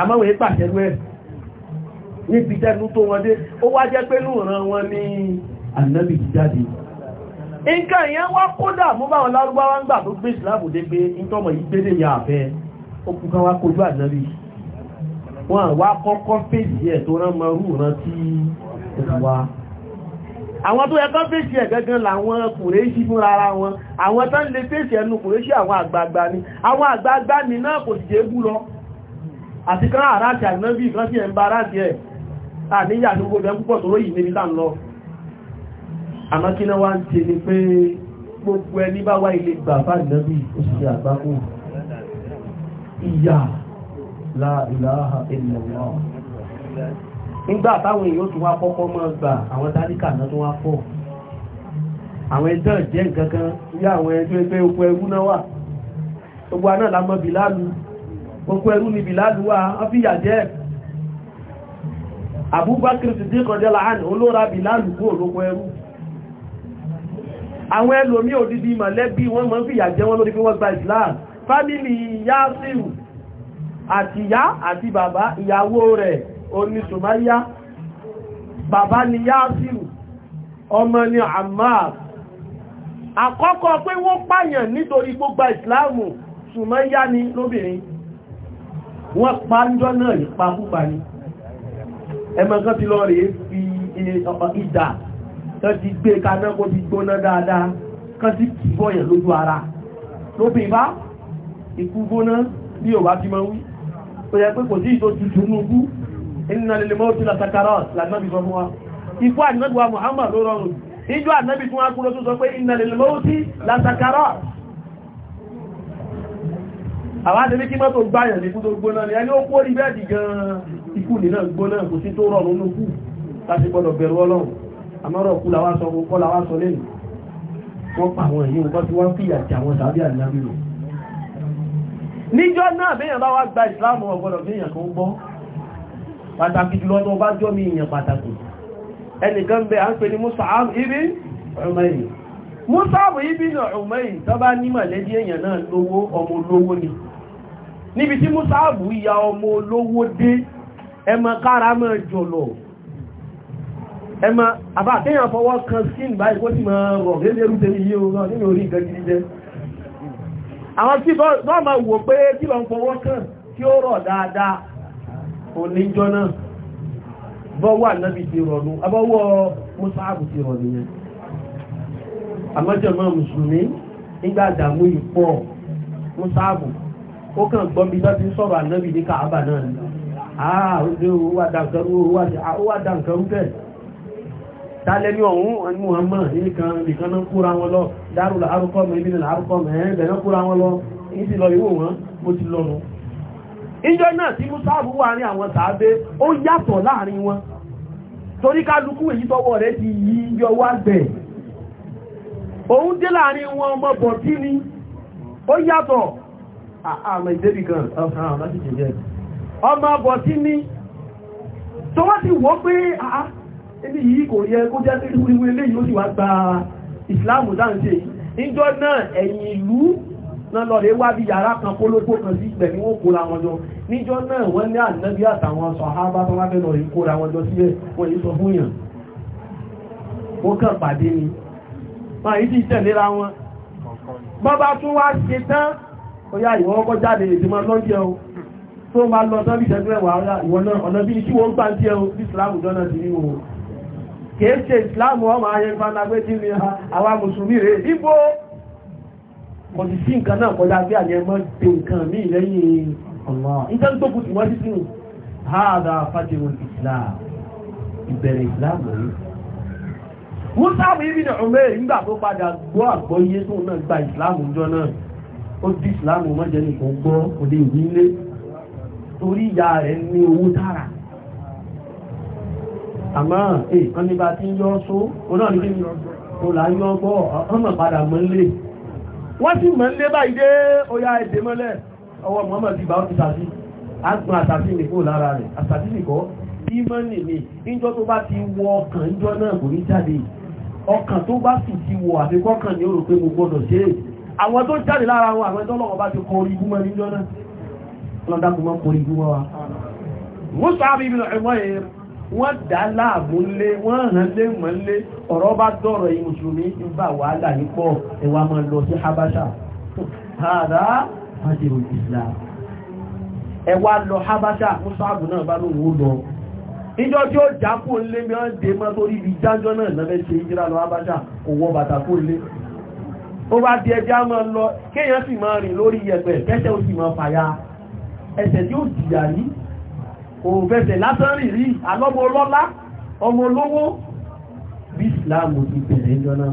àmọ́wẹ̀ pàṣẹ rú ẹ̀ níbi tẹ́nu tó wọn dé ó wá jẹ́ pé lóòrán wọn ní ànábì wọ́n wá kọ́kọ́ fèsì ẹ̀ tó rán mọ́rú rántí ìwà àwọn tó ẹkọ́ fèsì ẹ̀ gẹ́gẹ́ làwọn kùrẹ́ṣì fún ara wọn àwọn tán lè fèsì ẹnu kùrẹ́ṣì àwọn àgbààgbà ni àwọn àgbààgbà ni náà kò sì jẹ́ bú lọ àti kan àrántí àgbẹ́bí kan sí ẹ̀mbà rántí ẹ̀ àníyà tó gbogbo ẹ̀ púpọ̀ tó róyìí níbi tá ń lọ àmọ́ kí náà wá ń ṣe ni pé gbogbo ẹni bá wá ilé gbà fáìlẹ́bí ó sì ṣe àgbákò ìyà la ilaha illallah nígbà táwọn èèyàn tún wá kọ́kọ́ mọ́ gbà àwọn tálíkà náà tún wá pọ̀ àwọn ẹjọ́ jẹ́ nǹkan kan bí àwọn ẹjọ́ ẹgbẹ́ oko ẹrú náà wà gbogbo àná lámọ́ bìláàlú oko ẹrú ni bìláàlú wà wọ́n fi yà jẹ́ Abubakar Siddiq kọjọ́lá àn olóra bìláàlú kó olóko ẹrú àwọn ẹlòmí òdìdí mọ̀lẹ́bí wọ́n mọ́ fi yà jẹ́ wọn lórí pé wọ́n gba Islam fámìlì Yásírù àtìyá àti bàbá ìyàwó rẹ̀ oní Sùmáyá bàbá ni Yásírù ọmọ ni Ammar àkọ́kọ́ pé wọ́n pààyàn nítorí gbogbo ìsìláàmù Sùmáyá ni lóbìnrin wọ́n pa ń jọ náà ìpa púpa ni ẹmọ kan ti lọ rèé fi e, ìdà kan ti gbé kaná kó ti gbóná dáadáa kan ti bọ́yàn lójú ara lóbìn bá ikú gbóná bí ò bá ti máa wí tó yẹ pé kò sí ìtò tutù nùgbú iná lè mọ́ sí làtàkàrà lànàbì sọ fún wa ikú ànábì wa Muhammad ló rọrùn ìjọ ànábì tún wá kúrò tó sọ pé iná lè mọ́ sí làtàkàrà àwọn adébí kí mọ́tò gbáyàn ní kúrò gbóná ni ẹni ó kó rí bẹ́ẹ̀dì gan ikú nínà gbóná kò sí tó rọrùn ló kú láti gbọ́dọ̀ bẹ̀rù ọlọ́run àmọ́rọ̀ kú làwá sọ kọ́ làwá sọ lẹ́yìn wọ́n pa àwọn èyí wọ́n fi wọ́n fìyà tí àwọn sàbí ànábì rò níjọ́ náà bẹ́yàn bá wá gba ìsìláàmù ọgbọ́dọ̀ bẹ́yàn kan gbọ́ pàtàkì jùlọ tó bá jọ́ mi ìyàn pàtàkì ẹnìkan bẹ à ń pè ní Mus'ab ibn Umayr Mus'ab ibn Umayr tó bá ní mọ̀lẹ́bí èèyàn náà lówó ọmọ olówó ni níbi tí Mus'ab ya ọmọ olówó dé ẹmọ kára mọ́ jọlọ ẹmọ àbákẹ́yàn fọwọ́ kan skin báyìí kó ti mọ̀ rọ̀ àwọn tí wọ́n ma wò pé kí lọ ń fọwọ́ kàn tí ó rọ̀ dáadáa oníjọ́ náà ti rọ̀nú abọ́wọ́ mọ́sáàbù ti rọ̀ nìyẹn àmọ́jọ̀mọ́ mùsùlùmí nígbà àdàmú ìpọ̀ mọ́sáàbù ó kàn gbọ́n bí lọ́tí sọ̀rọ̀ ànábì tálẹ́ni ọ̀hún ẹnu ọmọ nìkan nìkan náà kúra wọn lọ dárùlọ arúkọ mẹ́ ibi nìlá arúkọ mẹ́ ẹ̀ẹ́bẹ̀ náà kúra wọn lọ ní ti lọ ìwò wọn mo ti lọ nù ìjọ náà tí musáàbù wà ní àwọn tàbí ó yàtọ̀ láàrin wọn torí kálukú èyí tọwọ́ rẹ̀ ti yí yọ wá bẹ̀ òun dé láàrin wọn ọmọ bọ̀ tí ni ó yàtọ̀ àmà ìdébì kan ọmọ bọ̀ tí ni tó wá ti wọ́ pé àá ibi yìí kò yẹ kó jẹ́ sí ìwé eléyìí ó sì wá gba ìsìláàmù dáǹṣe níjọ́ náà ẹ̀yìn ìlú náà lọ rẹ̀ wá bí yàrá kan kólógbó kan sí ìgbẹ̀ ní wọ́n kóra wọn jọ níjọ́ náà wọ́n ní ànábí àtàwọn sọ̀hábá tó wá fẹ́ lọ rí kóra wọn jọ sílẹ̀ wọ́n yìí sọ fún yàn ni máa yìí ti tẹ̀léra wọn bọ́bá tún wá ṣe tán ó yá ìwọ́n ọkọ̀ jáde ìdímọ̀ lọ́jẹ́ o tó máa lọ sọ́bí ìṣẹ́gbẹ̀wà ìwọ̀n ọ̀nà bí kí wọ́n ń tí ẹ o bí ìsìláàmù jọ náà kìí ṣe ìsìláàmù ọmọ ayé fanagbé tí ní àwa mùsùlùmí rẹ̀ ibo kò sì sí nǹkan náà kọjá bí àyẹ mọ́ pé nǹkan mí lẹ́yìn ìtẹ́ni tó kù tí wọ́n sí sínú ìsìláàmù ìbẹ̀rẹ̀ ìsìláàmù rẹ̀ ibi ni Umair nígbà tó padà gbọ́ àgbọ́yé tó náà gba ìsìláàmù jọ náà. Ó di ìsìláàmù mọ́jẹ́ nìkan gbọ́ òde torí ìyá rẹ̀ ní owó tààrà àmọ́ èèkan eh, ní bá tí ń yọ́ só oná ní kíni o là ń yọ́ gbọ́ ọmọ padà mọ́ ń lè wọ́n sì mọ́ ń lé báyìí dé oya èdè mọ́lẹ̀ ọwọ́ Muhammad ibà ó ti sàbí àgbọn àtàbí nìkó lára rẹ̀ àtàbí nìkọ́ ìmọ́nì ni ìjọ tó bá ti wọ ọkàn ìjọ náà kò ní jáde ọkàn tó bá sì ti wọ àfikọ́kàn ni ó rò pé mo gbọ́dọ̀ ṣe é àwọn tó jáde lára wọn àwọn ẹjọ́ lọ́wọ́ bá ti kọ orí igúnmọ́ níjọ náà lọ́dá kò kọ orí igúnmọ́ wa Mus'ab ibn Umayr wọ́n dá láàmú lé wọ́n hàn lé mọ́ lé ọ̀rọ̀ bá dọ̀rọ̀ yìí mùsùlùmí ń bà wàhálà ní pọ̀ ẹwà máa lọ sí habasha hàdá hàdìrò islam ẹwà lọ habasha mùsùlùmí náà bá lóun lọ níjọ́ tí ó jákò lé mìíràn dé mọ́ torí ibi jájọ́ habasha kò wọ bàtà kò lé ó bá di ẹjá máa lọ kéèyàn sì máa rìn lórí yẹ̀pẹ̀ kẹ́sẹ̀ ó sì máa fàyà kò fẹsẹ̀ lásán rì rí alọ́mọ ọlọ́lá ọmọ olówó bí Islam ti bẹ̀rẹ̀ ẹjọ́ náà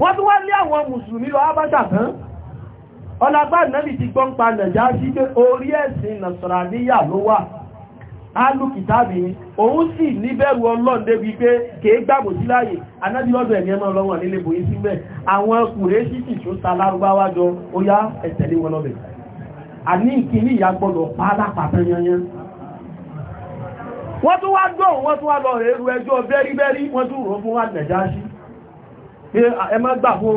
wọ́n tún wá lé àwọn mùsùlùmí lọ Abacha tán ọlágbà nẹ́bì ti gbọ́n pa nàìjá sí pé orí ẹ̀sìn nàṣàràníyà ló wà alùkìtàbí ni òun sì níbẹ̀rù Ọlọ́run débi pé kèé gbàgbò sí láàyè anábílọ́dọ̀ ẹ̀mí ẹmọ ọlọ́wọ̀n nílé bòyí síbẹ̀ àwọn kùrẹ́sìtì tó sa lárúbáwájọ ó yá ẹ̀tẹ̀lé wọn lọ́bẹ̀ àní ìkìní ìyà gbọ́dọ̀ pa alápàtàn yanyan wọ́n tún wá gbọ́ wọ́n tún wá lọ èrò ẹjọ́ bẹ́ríbẹ́rí wọ́n tún rò fún Nàjáṣì ẹ má gbà fún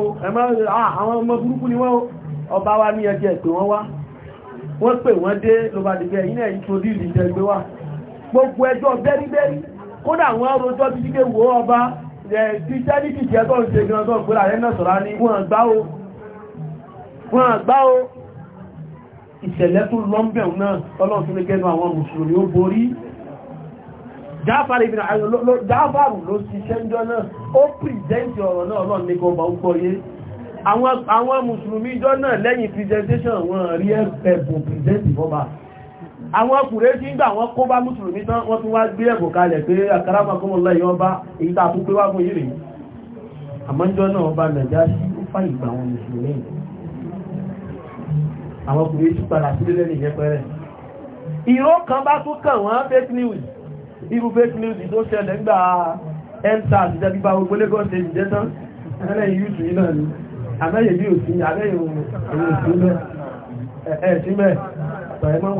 àwọn ọmọ burúkú ni wọ́n ọba wa ní ẹjẹ́ pé wọ́n wá wọ́n pè wọ́n dé ló bá dìgbẹ́ ilẹ̀ ìtòdílì ìjẹgbẹ́ wà gbogbo ẹjọ́ bẹ́ríbẹ́rí kódà wọ́n rojọ́ títí dé wo ọba kìtẹ́lì ìṣẹ̀lẹ̀ tó lọ́m̀bẹ̀ náà ọlọ́run tún lè gẹ́nu àwọn mùsùlùmí ó borí jáfàrí ló ṣiṣẹ́ ń jọ náà ó pìrìdẹ́ntì ọ̀rọ̀ náà ọlọ́run ní kọba ó gbọ́yé àwọn mùsùlùmí jọ náà lẹ́yìn presentation wọn rí ẹ̀bùn pìrìdẹ́ntì fọ́ba àwọn ọkùnrin tí ń gbà wọ́n kó bá mùsùlùmí tán wọ́n tún wá gbé ẹ̀bùn kalẹ̀ pé àkàràmàkọ́mọ̀lá yọ bá èyí tàà tún pé wá fún yìí rèé àmọ́jọ́ náà ọba nàìjá sí ó fàyè gbà àwọn mùsùlùmí àwọn ọkùnrin tí padà sílé lẹ́nì yẹpẹrẹ ìró kan bá tún kàn wọ́n fake news irú fake news tó ṣẹlẹ̀ nígbà endsars ìjẹ́ bíbá gbogbo Lagos state jẹ́ tán ẹlẹ́yìn yúùtù yìí náà ni àmẹ́yẹ̀ bí òsì àmẹ́yẹ̀ òsì mẹ́ ẹ̀ sí mẹ́ pẹ̀lú mọ́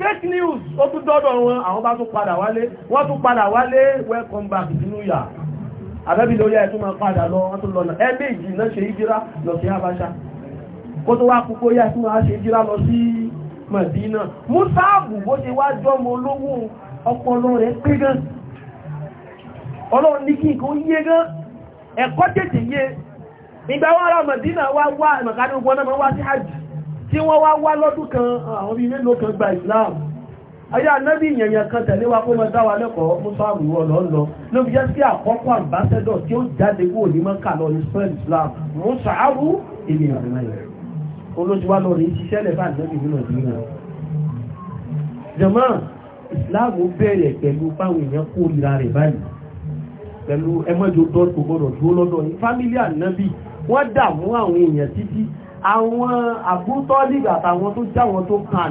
fake news ó tún dọ́dọ̀ wọn àwọn bá tún padà welcome back sínú àbẹ́bí lórí ẹ̀ tó máa padà lọ wọ́n tó lọ́nà ẹ méjì náà ṣe ìjírá lọ sí Habasha kó tó wá kúkó yá tó máa ṣe ìjírá lọ sí Mẹ̀dínà Músáàbù bó ṣe wá jọmọ olówó ọpọlọ rẹ̀ pé gan ọlọ́run ní kí nǹkan yé gan ẹ̀kọ́ tètè yé ìgbà wọn ará Mẹ̀dínà wá wá ìmọ̀kánú gbọ́nà wá sí hajj tí wọ́n wá wá lọ́dún kan àwọn ilé lókan gba Islam ayá anábì yẹ̀yẹ̀ kan tẹ̀lé wa kó mọ dáwà lẹ́kọ̀ọ́ mú sáàmù ìwọ̀ lọ lọ ló fi jẹ́ sí àkọ́kọ́ àmbásẹ́dọ̀ tí ó jáde kó ní mọ́kà lọ ní spread Islam mú sàárù èmi àrùnáyẹ̀ olóṣùwà lọ rí ṣiṣẹ́ lẹ́fà ànábì nínú ìdílé jọmọ́ Islam bẹ̀rẹ̀ pẹ̀lú fáwọn èèyàn kó ìra rẹ̀ báyìí pẹ̀lú ẹmọ́jọ dọ́tò gbọ́dọ̀ dúró lọ́dọ̀ ní fámílì ànábì wọ́n dààmú àwọn èèyàn títí àwọn àbútọ́lì àtàwọn tó jáwọn tó kan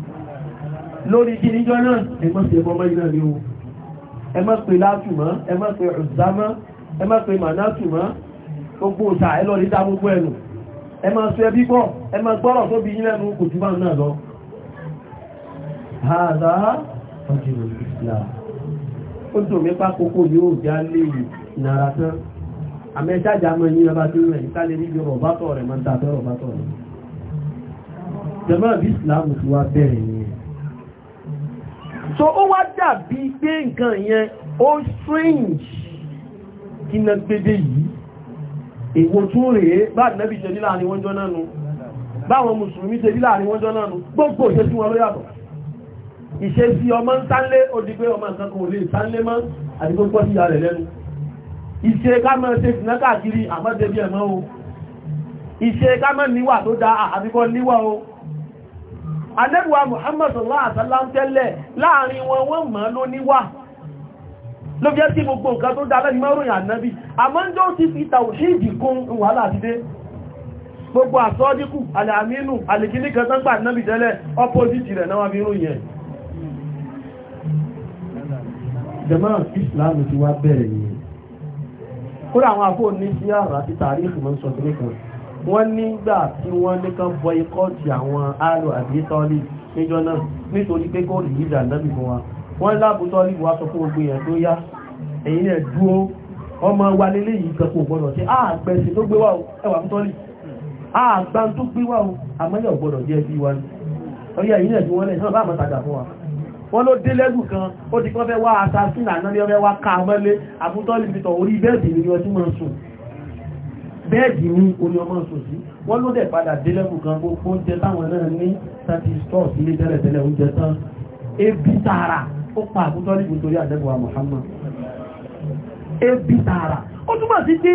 lórí kí níjọ́ náà ẹmọ́ sí ẹmọ́ mẹ́rin náà ní o ẹmọ́ pé látùmọ́ ẹmọ́ pé ọ̀zámọ́ ẹmọ́ pé mànátùmọ́ gbogbo òta ẹlọ́rí dá gbogbo ẹnu ẹmọ́ sọ ẹbí pọ̀ ẹmọ́ gbọ́rọ̀ tó bí nílẹ̀ nínú kò jù máa náà lọ hàdá ọjọ́ ìsìlá ó dùn mí já lè nara tán àmẹ́jájà mọ́ yí ọba tí ó rẹ̀ ìtàlẹ̀ ní yorùbá tọ̀ rẹ̀ mọ́ tàbí ọ̀rọ̀ bá tọ̀ rẹ̀ jẹ́mọ́ bí ìsìlámù ti wá bẹ̀rẹ̀ ni so ó wá dàbí pé nǹkan yẹn ó strange iná gbede yìí èwo tún rèé bá nẹ́bí ṣe nílà ní wọ́njọ́ náà nù báwọn mùsùlùmí ṣe nílà ní wọ́njọ́ náà nù gbogbo ìṣẹ́ sí wọn ló yàtọ̀ ìṣe sí ọmọ ń sánlé ó di pé ọmọ nǹkan kò lè sánlé mọ́ àti gbogbo sí ìyá rẹ̀ lẹ́nu ìṣe ká má ṣe ìsìnà káàkiri àmọ́débí ẹ̀mọ́ o ìṣe ká má níwà tó dáa àbíkọ́ níwà o anẹ́bùwa Muhammad sallallahu alaihi wasallam tẹ́lẹ̀ láàrin wọn wọ́n mọ́ ló níwà ló fi ẹ́ sí gbogbo nǹkan tó dáa lẹ́gbẹ̀ẹ́ ròyìn ànábì àmọ́ ń jọ ti fi tàwùsíìdì kún wàhálà ti dé gbogbo àsọ́díkù alàmínú alìkíní kan tán gbà náà bìtẹ́lẹ̀ ọpọ́sìtì rẹ̀ náà mírún yẹn jẹmọ́ ìsìláàmù ti wá bẹ̀rẹ̀ yìí kúrò àwọn àfóò ní sí wọ́n nígbà tí wọ́n ní kan bọ ikọ́ ti àwọn arò àbí tọ́lì níjọ́ náà nítorí pé kó rí ìdà náà fún wa wọ́n láàbù tọ́lì wá sọ fún ogun yẹn tó yá èyí rẹ̀ dúró ọmọ wa lélé yìí kan kò gbọ́dọ̀ sí àgbẹ̀sì ah, tó gbé wà ó ẹwà fún tọ́lì àgbà tó gbé wà ó àmọ́lẹ̀ ọ̀gbọ́dọ̀ jẹ́ bí wa ní ọ̀yà yìí rẹ̀ tí wọ́n lẹ̀ náà bá mọ́ tàgà fún wa wọ́n ló dé lẹ́gùn kan ó ti kọ́ fẹ́ wá asásínà náà ní ọfẹ́ wá ká mọ́lé àbútọ́lì fi tọ̀ orí bẹ́ẹ̀dì ni wọ́n bẹ́ẹ̀dì ní oní ọmọ sòsí wọ́n ló dẹ̀ padà délẹ́kù kan gbogbo oúnjẹ táwọn náà ní thirty stores ilé tẹ́lẹ̀tẹ́lẹ̀ oúnjẹ tán ebi tààrà ó pa àkútọ́ níbi torí àdẹ́bùwà Muhammad ebi tààrà ó túmọ̀ sí pé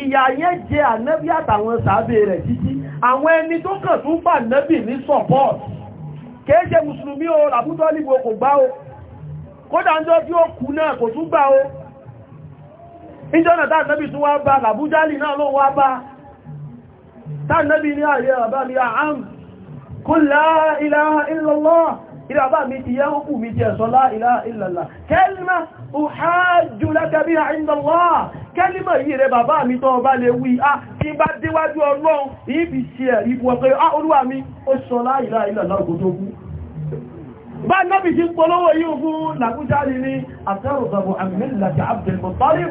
ìyà yẹn jẹ ànẹ́bí àtàwọn sàábẹ̀ rẹ̀ títí àwọn ẹni tó kàn tún fà nẹ́bì o àbútọ́ níbi okò gbá o kódà ń jọ bí ó o ìjọ́nà táà nẹ́bí tún wá bá làbújálì náà ló wá bá táà nẹ́bí ní ààrẹ àbá mi àám kul la ilaha illallah ilẹ̀ àbá mi ti yẹ́ òkú mi ti ẹ̀sọ́ la ilaha illallah kẹ́lìmà uhajju laka biha inda Allah kẹ́lìmà yìí rẹ̀ bàbá mi tọ́ bá lè wí a ah, kí bá déwájú ọlọ́run ibi sí ẹ̀ ibu polówó yìí fún làbújálì ní àtẹ́rùsọ̀bù àmì láti Abdul Muttalib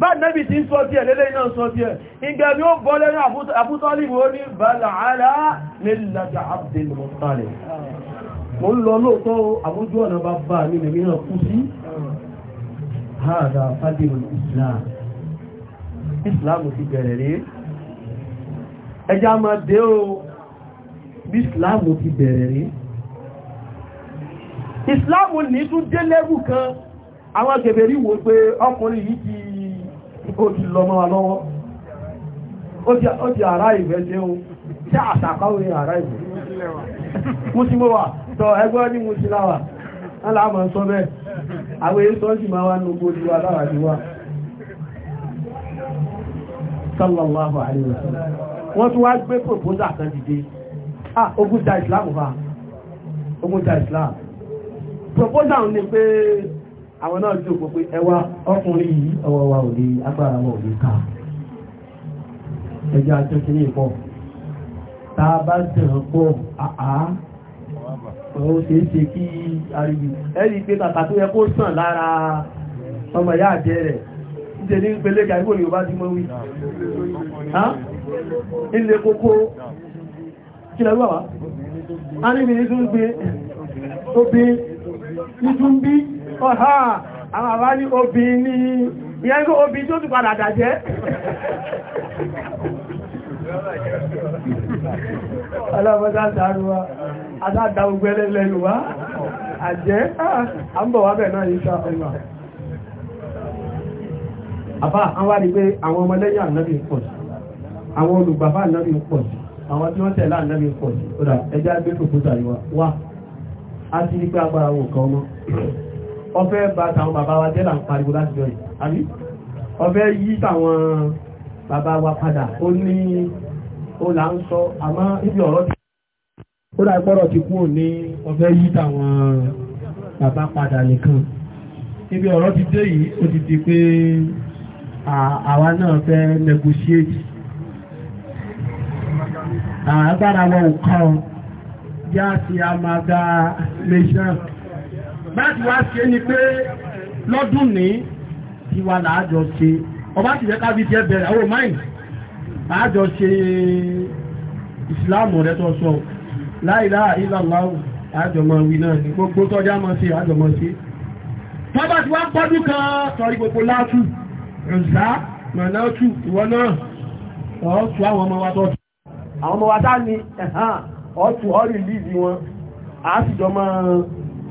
bá nẹ́bì tí ń sọ tí ẹ̀ lélẹ́ iná sọ tí ẹ̀ ìgbẹ̀ ni ó bọ́ lẹ́yìn àbútọ́lìbò ó ní bàlàálà nílàjà Abdul Muttalib ah. mo ń lọ lóòtọ́ àbójú ọ̀nà bá bá mi lèmi náà kú sí ah. hàdà fadìmù Islam Islam ti bẹ̀rẹ̀ rí ẹjá máa dé ó ti lọ mọ́ wa lọ́wọ́ ó ti àrá ìgbẹ́ jẹ́ o tí àṣàkáwé àrá ìgbẹ́ mú sí mọ́ wà tọ́ ẹgbẹ́ ní mú sí láwà aláàmà sọ bẹ́ẹ̀ àwọn èyí sọ́ọ̀sì máa wá ní ogbó ìwà lára ní wá sallallahu alaihi wasallam wọ́n tún wá gbé proposal kan dìde ah ogun ta islam fa ogun ta islam proposal ni pé àwọn náà jò pé ẹwà ọkùnrin yìí ọwọ́ wa ò lè agbára wa ò lè ká ẹjọ́ àtúnṣe ní ìpọ̀ tá a bá dàn pọ̀ àá ó ṣe é ṣe kí ariwo ẹ̀rí pé kàkà tó yẹ kó sàn lára ọmọ ìyá àjẹ́ rẹ̀ ṣe ní pẹ̀lẹ́ gàrígbò ni ó bá ti mọ́ wí ilé kókó kí lọ wà wá a níbi ní tún gbé tó ọ̀há àwọn àwá ní obì ní ìyẹn kó obì tó tún padà dàjẹ́ adáda wá àjẹ́ náà ọmọ àbá àwọn àrí pé àwọn ọmọlẹ́yìn ànábì ń pọ̀ sí àwọn olùgbàfà ànábì ń pọ̀ sí àwọn tí wọ́n ànábì ń pọ̀ sí ẹjá a ti rí pé ọfẹ́ bá tàwọn bàbá wa jẹ́ là ń pariwo láti jọ yìí àbí ọfẹ́ yí tàwọn bàbá wa padà ó ní ó là ń sọ àmọ́ ibi ọ̀rọ̀ ti ó dá ìpọ́rọ̀ ti kúrò ní ọfẹ́ yí tàwọn bàbá padà nìkan ibi ọ̀rọ̀ ti dé yìí ó ti di pé àwa náà fẹ́ negotiate àgbára wọn ò kọ́ ọ yá ti a máa bá ti wá ṣe ni pé lọ́dún ní tiwa làájọ ṣe ọba ti jẹ́ kábí jẹ́ bẹ̀rẹ̀ àwọn máìn àájọ ṣe ìsìláàmù rẹ̀ tó sọ láìlá ìlàláwù àájọ máa wí náà ní gbogbo tọ́já máa ṣe àájọ máa ṣe tọ́bá ti wá pọ́dún kan sọ̀rí gbogbo látù rùzá mọ̀nàtù ìwọ náà ọ̀ọ́tù àwọn ọmọ wa tọ́tù àwọn ọmọ wa tá ní ẹ̀hàn ọ̀ọ́tù ọ́rì líìdì wọn àásìjọ máa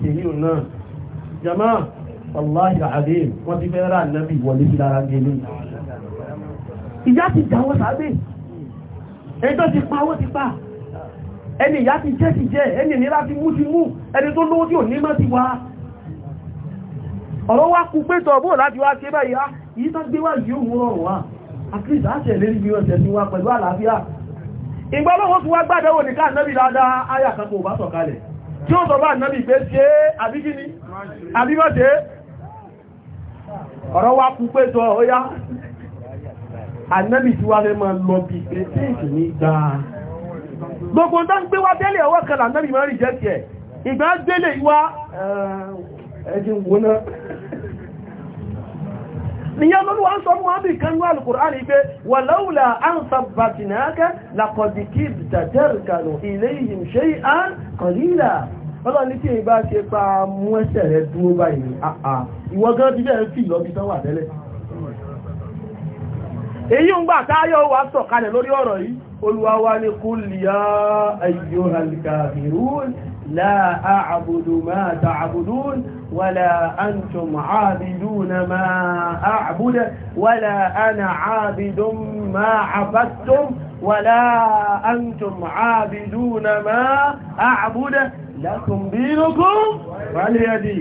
ṣèyí náà jama wàláhì àdé wọ́n ti fẹ́ rà nẹ́bì wọlé sí lára gẹ́lẹ́ ìyá ti dáwọ́ sábẹ́ ẹjọ́ ti pa owó ti pa Eni ìyá ti jẹ́ ti Eni ẹni ìnira ti mú ti mú ẹni tó lówó tí ò ní mọ́ ti wá ọ̀rọ̀ wá kú pé tọ̀bọ̀ láti wá ṣe báyìí ah, yìí tán gbé wá yìí mú rọrùn wá àkíyèsí àṣẹ lérí bí ọ̀sẹ̀ ti wá pẹ̀lú àlàáfíà ìgbọ́lọ́wọ́ fún wá gbádẹ́wò nìkan nábì dáadáa áyà kan kò bá sọ̀kalẹ̀ tí ó sọ bá nábì pé ṣe àbíkíní àbíbọ́dé ọ̀rọ̀ wá kú pé tọ́ ọ̀yá ànẹ́bì tí wá lè máa lọ bí pé tíìkì ní dáa gbogbo tó ń gbé wá tẹ́lẹ̀ ọwọ́ kan ànẹ́bì máa rí jẹ́ tiẹ̀ ìgbà gbélé wá ẹ̀ẹ́dìn wóná níyà lọ́nà wọ́n sọ mọ́ bí ọlọ́run ní tí èyí bá ṣe pa mú ẹsẹ̀ rẹ dúró báyìí àà ìwọ gan ti bẹ́ẹ̀ fi lọ́bí tán wà tẹ́lẹ̀ èyí ń gbà táyọ̀ wà sọ̀kalẹ̀ lórí ọ̀rọ̀ yìí olúwa wa ní kul ya ayyuhal kafirun la a'budu ma ta'budun wala lákùn bí lókún wàlẹ́yàdì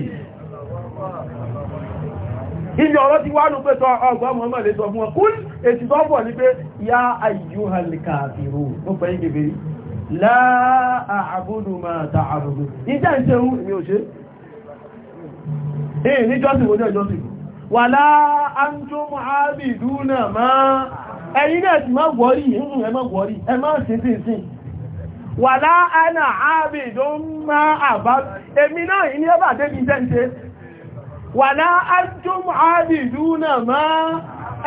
ìyọ̀ ọ̀rọ̀ ti wá nù pé tọ ọgbà Muhammad lè sọ fún wọn kún èsì tó bọ̀ ní pé ya ayyuhal kafirun ó pẹ̀ yí gẹ̀bẹ̀rí láàbùdù máa ta àbùdù ìjá ìṣẹ́hún èmi ò ṣe ní jọ́sìn wọ́n jẹ́ jọ́sìn wà láàájúmọ́ àbìdú náà máa ẹ̀yìn náà ti má gbọ́rí ẹ̀mọ́ gbọ́rí ẹ̀mọ́ wàlá ànà àbìdó má àbá èmi náà ilé ọba débi jẹ́ wàlá àjọm àbìdú náà má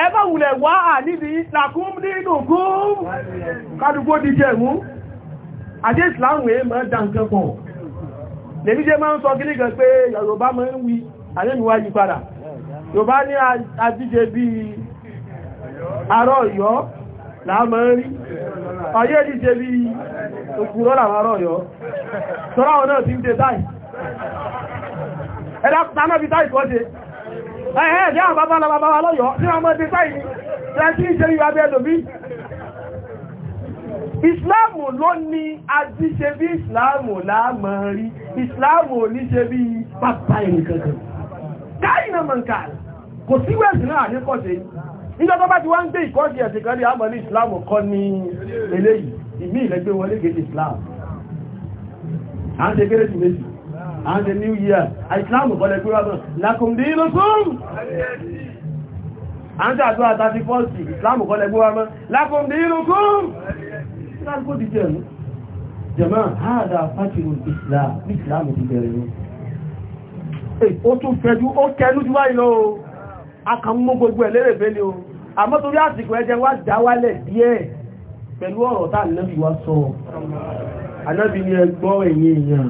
ẹgbẹ́ wùlẹ̀ wá àníbi làkún nínú kún kádùgbò díjẹ̀ mú àdé ìsìláàmù èèmọ̀ dáǹkan pọ̀ lèmi jẹ́ máa ń sọ gílígan pé Yorùbá láàmọ́ rí ayé ní ṣe bí òkúrọ́ làwárọ̀ yọ tọ́rọ àwọn náà ti ń tẹ táì ẹ̀dá tánà bí táì kọ́ ṣe ẹ̀ẹ́ ẹ̀dẹ́ àwọn bàbá làbàbà wà lọ́yọ́ tí wọ́n mọ́ tẹ táì ní tẹ́tí ń ṣe rí abẹ́ ẹ̀dọ̀bí ìsìláàmù ló ní àdíṣe bí ìsìláàmù láàmọ́ rí ìsìláàmù ò níjọ́ tó bá ti wá ń gbé ìkọ́ọ̀dì ẹ̀sìn kan ní àmọ́ ní islam kọ́ ní eléyìí ìmí ìlẹ́gbẹ́ wọlé gẹ̀ẹ́sì islam à ń ṣe kéré sí méjì à ń new year islam kọ́lẹ̀ pé wọ́n lákùnbí ló fún à ń ṣàdó àtàtí fọ́ọ̀sì islam kọ́lẹ̀ pé wọ́n lákùnbí ló fún lákùn ti jẹ̀mú jẹ̀mọ́ àádá fàtìrù islam islam ti bẹ̀rẹ̀ ó tún fẹ́jú ó kẹnu jù wáyìí akàmú gbogbo ẹ̀lẹ́rẹ̀fẹ́ ni o àmọ́ torí àsìkò ẹjẹ́ wá dáwálẹ̀ díẹ̀ pẹ̀lú ọ̀rọ̀ tá ànábì wá sọ ànábì ni ẹgbọ́ ẹ̀yìn èèyàn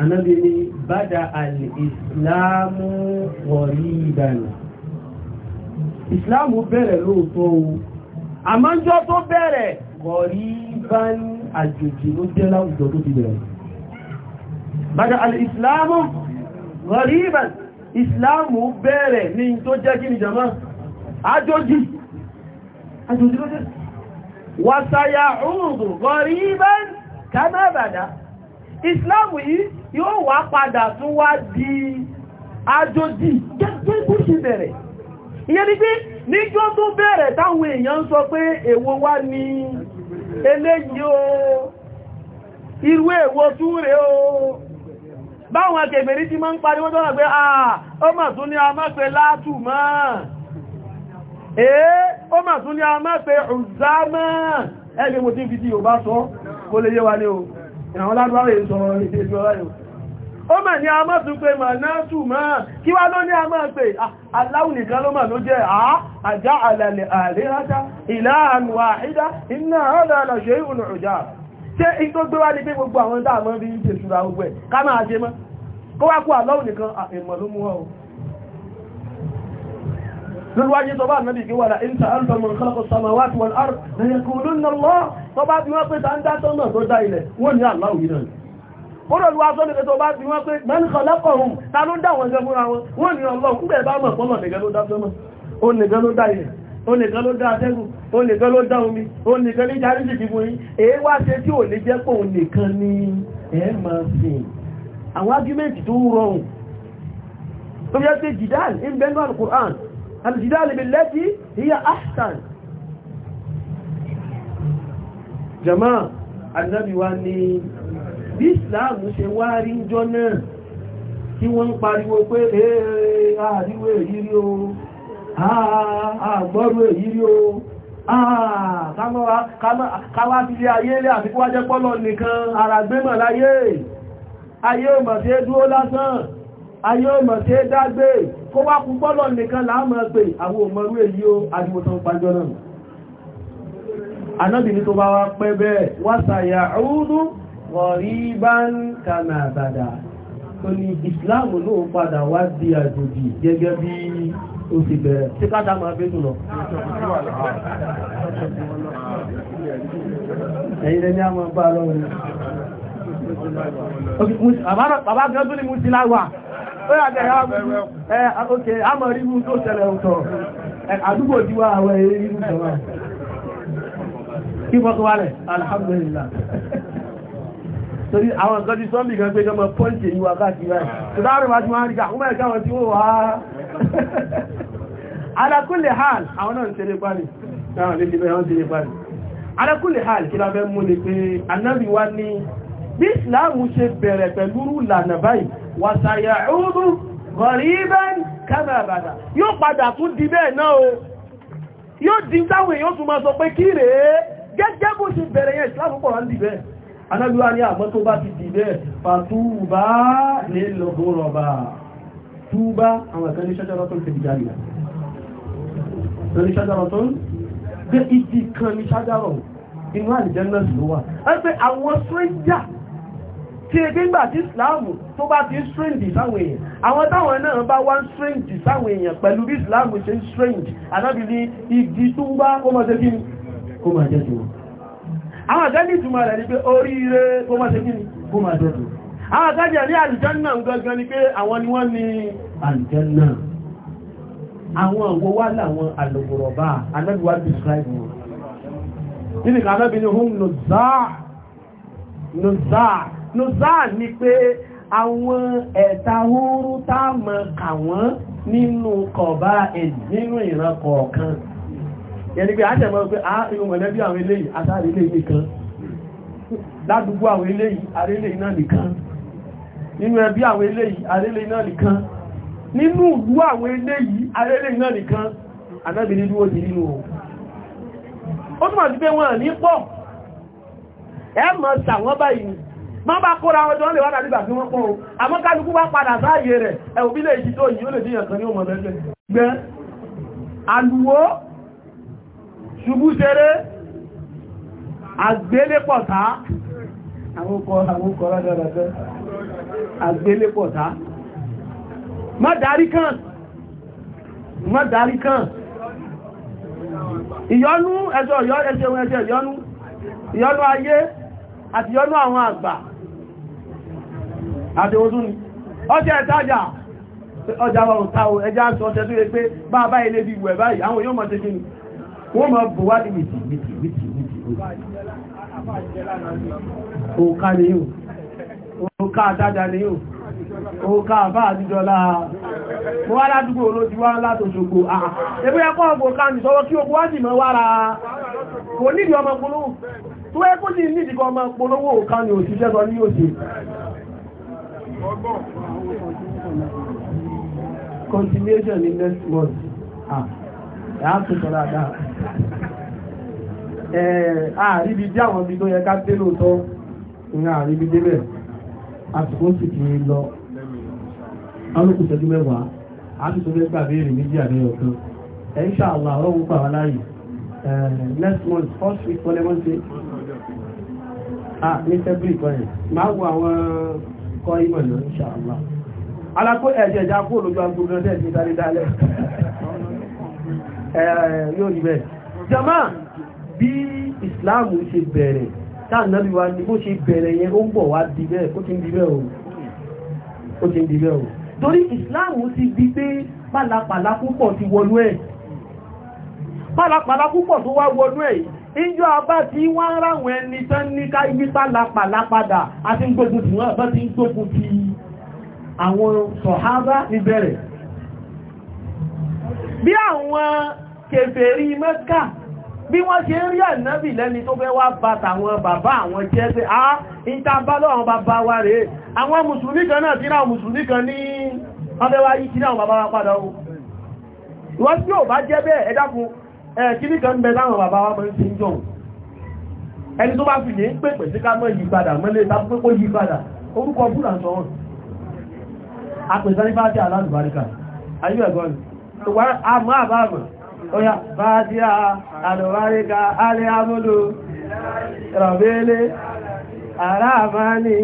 ànábì ni bada al-islamu ghariban ìsìláàmù bẹ̀rẹ̀ lóòótọ́ o àmọ́ jọ tó bẹ̀rẹ̀ ghariban àjòjì ló jẹ́ láwùjọ tó ti bẹ̀rẹ̀ bada al-islamu ghariban ìsìláàmù bẹ̀rẹ̀ ní tó jẹ́ kí ni jama àjòjì àjòjì ló jẹ́ wàsàyà òòrùn gọrí ibẹ́ kẹ́mẹ́bàdá ìsìláàmù yìí yóò wá padà tún wá di àjòjì gẹ́gẹ́ bó ṣe bẹ̀rẹ̀ ìyẹn ni pé níjọ́ tó bẹ̀rẹ̀ táwọn èèyàn sọ pé èwo wá ní eléyìí o irú èwo tún rèé báwọn akẹgbẹ̀rí tí máa ń parí wọ́n tọ́nà pé àà ah, tún ní a máa pẹ látù mọ́ èé ó a mọ́ tún pé mà náà tù mọ́ kí wá ló ní a máa pè ah, aláwù nìkan ló mà ló jẹ́ àjá àlàlẹ̀ àlérátá ìlà àmì iná àádọ́ àlàṣẹ́ ìrùn ọ̀já ṣé in tó gbé wá ní pé gbogbo àwọn dáàmọ́ bí ń tèṣùra gbogbo ẹ̀ ká máa ṣe mọ́ kó wá kú àlọ́wù nìkan àfihàn ló mú ọ́ lọ́lọ́wájú tó bá nàbí kí wà láì ń tàà lọ́mọ̀ kọ́lọ́kọ́ samawati wal ard la yaqulunna Allah tó bá bí wọ́n pé ta ń dá sọ́nà tó dá ilẹ̀ wọ́n ní Allahu yìí náà olóòlùwà sọ́nà pé tó bá bí wọ́n pé man khalaqahum ta ló dá wọn jẹ fúnra wọn wọ́n ní Allahu ń bẹ̀rẹ̀ bá mọ̀ pọ́lọ̀ nìkan ló dá sọ́nà ó nìkan ló dá ilẹ̀ ó nìkan ló dá atẹ́gùn ó nìkan ló dáhùn mi ó nìkan ní járí sí ìdìbò yìí èé wá ṣe tí ò lè jẹ́ pé òun nìkan ni ẹ máa sìn àwọn argument tó rọrùn tó bí ẹ́ pé jìdáàl ń bẹ́nu al-Qur'an al-jìdáàl billati hiya ahsan jama annabiwa ni bí islam ṣe wá rí jọ náà tí wọ́n ń pariwo pé ààríwẹ̀ èyí rí o àgbọ́rú èyí rí o Ah, káwá ti lé ayé lé àti kówájẹ́ pọ́lọ̀ nìkan ara gbémọ̀ láyé ayé ò mọ̀ tí é dúró lásán ayé ò mọ̀ tí é dágbé kó wá kú pọ́lọ̀ nìkan láàmọ́ pé àwọn òmọrú èyí ó adìmọ̀tàn pàjọ náà tó ní ìsìláàmù ló padà wá di àjòjì gẹ́gẹ́ bí ó ti bẹ̀rẹ̀ tí ká dámà bẹ́tù lọ ẹ̀yìn ẹni a bá lọ́rùn àdúgbò tí wà àwọn èrè rí mú kí fọ́kọ́ wálẹ̀ alhamdulillah torí àwọn nǹkan tí sọ́mbì kan pé kọ́ mọ̀ pọ́ǹtì ìwà káàkiri rẹ̀ tó dáàrùn bá ti máa ń rí káàkiri mẹ́rin káwọn tí ó wà á alákùnlé hàn àwọn náà ń tẹ́lé parí náà lè bẹ̀rẹ̀ wọ́n tẹ́lé parí alákùnlé hàn kí lábẹ́ mú ní pé anábì wá ní bí ìsìláàmù ṣe bẹ̀rẹ̀ pẹ̀lú lànà báyìí wàsàyà ọdún gọ̀ríbán kábàbàdà yóò padà tún di bẹ́ẹ̀ náà o yóò di táwọn èèyàn tún máa sọ pé kí rèé gẹ́gẹ́ bó ṣe bẹ̀rẹ̀ yẹn ìsìláàmù pọ̀ wá anábíwá ní àmọ́ tó bá ti dì bẹ́ẹ̀ fàtúbá ní lọ́gbọ́n rọ̀bà túbá àwọn ẹ̀kẹ́ ní ṣájáratún ti jàrí ní ṣájáratún dé ìdí kan ní ṣájárọ̀ inú àlìjẹ́nà sí ló wà ẹgbẹ́ àwọn sọ́jà tí ẹgbẹ́ ìgbà tí ìsìláàmù tó bá ti strange sáwọn èèyàn àwọn táwọn náà bá wá strange sáwọn èèyàn pẹ̀lú bí ìsìláàmù ṣe strange anábìlì igi túbá kó mọ̀ sí kí kó mọ̀ jẹ́ sí wọn àwọn àjẹ́ ní ìtumọ̀ rẹ̀ ní pé oríire kó mọ́ sí kí ní kó máa dẹ̀dù àwọn àjẹ́ ní àlùjánnà gangan ni pé àwọn ni wọ́n ní àlùjánnà àwọn àwọn wá láwọn àlùgbòròbá anábíwá describe wọn nínú ìkàlẹ́bí ni hún nùzáà ní pé àwọn ẹ̀ta húrú tá mọ̀ kà wọ́n nínú kọ̀bá ẹ̀ nínú ìran kọ̀ọ̀kan yẹni pé àtẹ̀mọ́ pé a ah, ihun mọ̀lẹ́bí àwọn eléyìí àtàrí ilé nìkan ládùúgbò àwọn eléyìí arélé iná nìkan nínú ẹbí àwọn eléyìí arélé iná nìkan nínú ìlú àwọn eléyìí arélé iná nìkan anábì ní dúró di nínú o ó túnmọ̀ sí pé wọ́n ní pọ̀ ẹ mọ̀ sàwọn báyìí ma bá kóra wọn jọ lè wá dàbígbà tí wọ́n pọ̀ o àmọ́ kálukú bá padà sáàyè rẹ̀ ẹ̀wòbílẹ̀ ìjì tó yìí ó lè díyàn kan ní òmọ̀ lẹ́gbẹ̀ẹ́ aluwo ṣubú ṣeré àgbélépọ̀tá àwọn ọkọ̀ rádọ́rọ̀dọ́ àgbélépọ̀tá má darí kan má darí kan ìyọnú ẹjọ́ ẹjọ́ ẹjọ́ ìyọnú ìyọnú ayé àti ìyọnú àwọn àgbà àti oṣù ni ọjọ́ ìtajà ọjà wọn ò ẹjá sọ ọjọ́ tó yẹ pé bá bá ilé bí ìwẹ̀ báyìí àwọn yóò mọ̀ wọ́n máa bù wá ní mìtì mìtì mìtì mìtì òkà ni yóò òkà àdájá ni yóò òkà àbá àdíjọlá wọ́n wá ládúgbò olóti wá látòṣogbo àà ẹgbẹ́ ẹkọ́ ọgbò ká ní sọwọ́ kí ogun wájì mọ́ wára ni òṣìṣẹ́ continuation in next month ah láàtúntọ̀ dáadáa àríbi bí àwọn ibi tó yẹ ká dé lóòótọ́ ìran àríbi débẹ̀ àsìkò sì ti lọ alùpùpù ṣẹ́jú mẹ́wàá àtúntò mẹ́gbà béèrè méjì àbí ọ̀kan insha next month first week ah Eh, yóò rí bẹ́ẹ̀ jama bí ìsìláàmù ṣe bẹ̀rẹ̀ táànàbí wa ní bó ṣe bẹ̀rẹ̀ yẹn ó ń bọ̀ wá di bẹ́ẹ̀ ó ti ń di bẹ́ẹ̀ o torí ìsìláàmù ti di pé pálapàla púpọ̀ ti wọnú ẹ̀ pálapàla púpọ̀ tó wá wọnú ẹ̀ ìjọ àbá tí wọ́n ń ráwọn ẹni tán ní ká yí padà àti gbogbo tí wọ́n àbá ti ń gbogbo ti àwọn sọ̀hábá níbẹ̀rẹ̀ bí àwọn kèfèrí mẹ́kà bí wọ́n ṣe ń rí ànábì lẹ́ni tó fẹ́ wá bá tàwọn bàbá àwọn jẹ́ pé a ah, ń ta bá lọ́wọ́n bàbá wa rèé àwọn mùsùlùmí kan náà tí náà mùsùlùmí kan ní ọbẹ̀wá yìí tí náà bàbá wa padà o wọ́n tí ò bá jẹ́ bẹ́ẹ̀ ẹ dákun kíní kan bẹ láwọn bàbá wa mọ́ sí jọ ẹni tó bá fi oya fàájíà alùwáríkà alẹ́ amúlò rọ̀bẹ́lẹ́ aláàmáni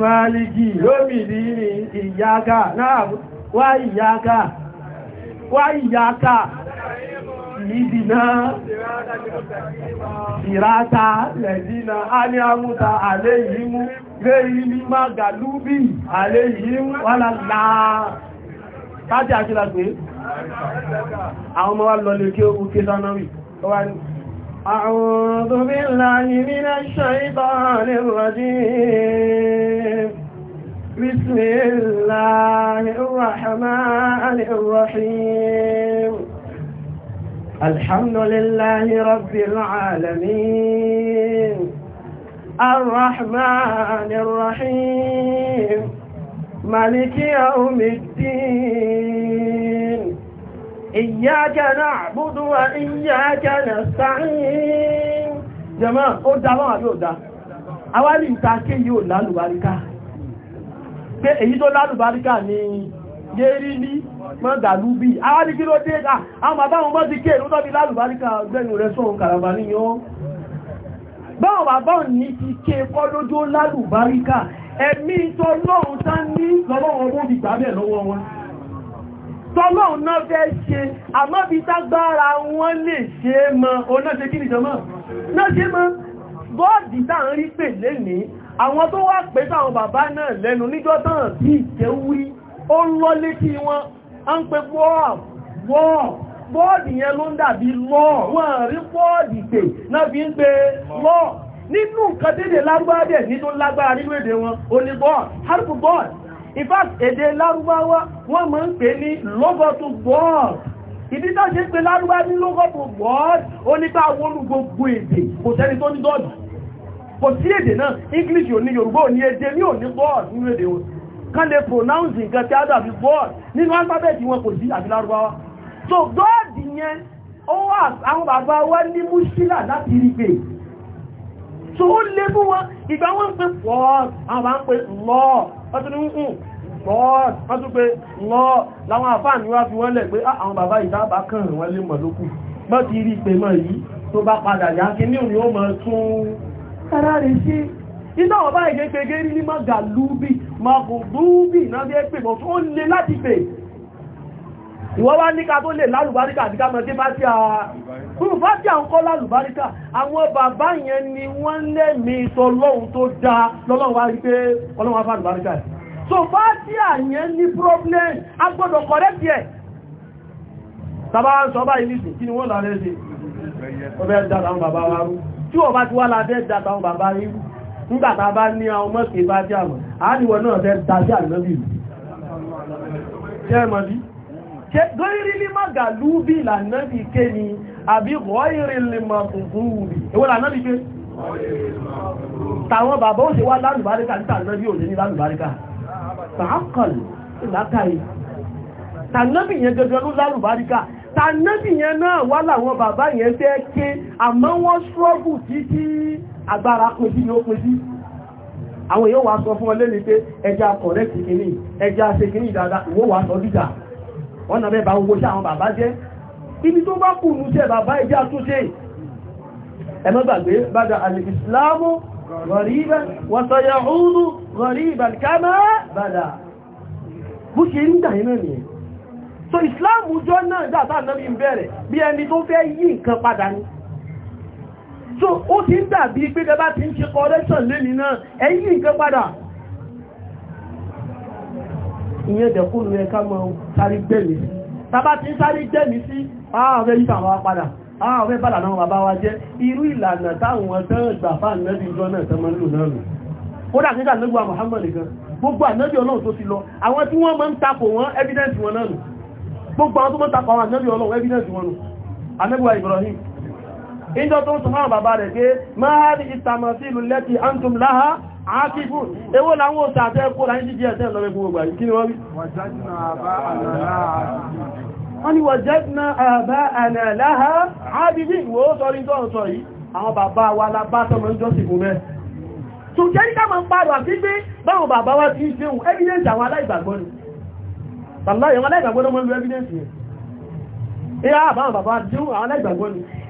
máàlìkì lómìnì ní ìyáka náà wá ìyáka wá ìyáka ìdìnà ìráta lẹ̀dínà a ní mú lé ilé má gàlúbì àlẹ́ káàtì àṣílá pé àwọn ọmọ wa lọlé kí ó kú kí sánárì tó wá ní أعوذ بالله من الشيطان الرجيم بسم الله الرحمن الرحيم الحمد لله رب العالمين الرحمن الرحيم ملك يوم الدين إياك نعبد وإياك نستعين جماعة أدى الله يؤدى awárí ìtàkì yóò lálùbáríká pé èyí tó lálùbáríká ni yérí ní ni Yeriri awárí kí ló dé ká àwọn bàbá wọn mọ́ ti kí èrò bi lálùbáríká gbẹ̀yìn rẹ̀ sọ́run kàràbà níyàn báwọn bàbá ní ti ké kọ́ ẹ̀mí tọ́lọ́run tá ní lọ́lọ́run owó ìgbà bẹ̀ lọ́wọ́ wọn tọ́lọ́run náà fẹ́ ṣe àmọ́bí tágbára wọn lè ṣe é mọ́ onáṣe kí nìjọmọ́ náà ṣe mọ́ gọ́ọ̀dì tá ń rí pè lẹ́ni àwọn tó wá pẹ́ táwọn bàbá náà lẹ́nu níjọ́ tán bí ìjẹ́ wí ó ń lọ létí wọn a ń pe bọ́ọ̀dì yẹn ló ń dàbí lọ́ọ̀ wọ́n rí bọ́ọ̀dì pè náà fi ń pe lọ́ọ̀ nínú nǹkan dédè lárúbáwá dẹ̀ nínú lágbára nínú èdè wọn oní bọ́ọ̀lù harpu bọ́ọ̀lù in fact èdè lárúbáwá wọ́n máa ń pè ní lọ́gọ́tù bọ́ọ̀lù ìdí tó ṣe pé lárúbá ní lọ́gọ́tù bọ́ọ̀lù onígbà wọnú gbogbo èdè kò sẹ́ni tó ní dọ́ọ̀lù kò sí èdè náà english ò ní yorùbá ò ní èdè ní òní bọ́ọ̀lù nínú èdè wọn kan lè pronounce nǹkan tí a dàbí bọ́ọ̀lù nínú alphabet wọn kò sí so bọ́ọ̀lù yẹn ó wà wa ní múṣílà láti rí pé tó ó lé fún wọn ìgbà wọ́n ń pè pọ́ọ̀t àwọn àwọn pè lọ́ ọdún ní ń mm, pọ́ọ̀t mm, wọ́n tún pé lọ́ láwọn àfáà ní wá fi wọ́n lẹ̀ pé ah, àwọn bàbá ìdábà kàn wọ́n lè mọ̀ lókù bọ́ ti rí pé mọ́ yìí tó bá padà yá kí ní òní ó mọ̀ tún kára rẹ̀ sí iná ọ̀bá ìgẹ́gẹ́gẹ́ rí ní mọ́gàlúbì mọ́gàlúbì náà bí ẹ pè bọ̀ tó ó lé láti pè ìwọ́ wá níka tó lè lálùbáríkà àti ká mọ̀dé bá tí a rú bá tí a ń kọ́ lálùbáríkà àwọn bàbá yẹn ni wọ́n lẹ́mí tọlọ́hun tó dá lọ́lọ́run wá rí pé ọlọ́run afá lùbáríkà so bá tí a yẹn ní problem a gbọ́dọ̀ kọ̀rẹ́tì ẹ̀ tàbá sọ bá ìlísì kí ni wọ́n lọ rẹ̀ ṣe ọbẹ̀ dá àwọn bàbá wa rú tí ọba ti wá lábẹ́ dá àwọn bàbá rí nígbà tá a bá ní àwọn mọ́sí bá tí a mọ̀ àá níwọ̀ náà fẹ́ dá sí àlùmọ́bì rú ṣe gọ́ìrìlì màgàlúbì lànàbì ké ni àbí gọ́ìrìlì màgùnbùrì èwo lànàbì ké tàwọn bàbá ó ṣe wá lálùbáríkà títà lọ́bí òní ní lálùbáríkà tààkọ̀lù ìlàkàí tànàbì yẹn gẹ́gẹ́ ló lálùbáríkà tànàbì yẹn náà wá láwọn bàbá yẹn fẹ́ ké àmọ́ wọ́n ṣọ́gù títí agbára pín sí yóò pín sí àwọn èèyàn wá sọ fún ọlẹ́ni pé ẹja kọ̀rẹ́ kìkìní ẹja ṣe kìní ìdáadáa ìwọ́wà sọ dídà wọ́n náà bẹ́ẹ̀ bá ń wo sí àwọn bàbá jẹ́ ibi tó bá kù ní sẹ́ bàbá ìjá tó ṣe ẹ má gbàgbé bada al-islamu ghariban wa sayaudu ghariban kama bada bó ṣe ń dà iná nìyẹn so islam jọ náà dáadáa náà bí bẹ̀rẹ̀ bí ẹni tó fẹ́ yí nǹkan padà ni so ó ti ń dàbí pé gẹ́gẹ́ ti ń ṣe correction lẹ́ni náà ẹ̀yí nǹkan padà ìyẹn ìdẹ̀kùnù ẹ ká mọ sáré gbẹ̀mí sí tàbá ti ń sáré gbẹ̀mí sí ààrẹ yípa àwọn padà ààrẹ bàdà náà bàbá wa jẹ́ irú ìlànà táwọn tán gbà fáà nẹ́bí ìjọ náà tán máa ń Muhammad gan gbogbo ànábì Ọlọ́run tó ti lọ àwọn tí wọ́n máa evidence wọn náà nù gbogbo àwọn tó máa ń takò àwọn ànábì Ọlọ́run evidence wọn Ibrahim ìjọ tó ń sọ fáwọn bàbá rẹ̀ pé antum láha àákífù ewó láwọn òsà àtẹ́ kó láyé jíjí ẹ̀tẹ́ lọ gbogbo ìgbà kí ni wọ́n wí wọ́n ni wajadna aba'ana laha àábìbí ìwò sọrí tó ọ̀sọ̀ yìí àwọn bàbá wa lábá tọmọ ń jọ́sì fún mẹ́ evidence àwọn aláìgbàgbọ́ ni bàbá yẹn aláìgbàgbọ́ ni wọ́n ìyá àbáwọn bàbá ti àwọn aláìgbàgbọ́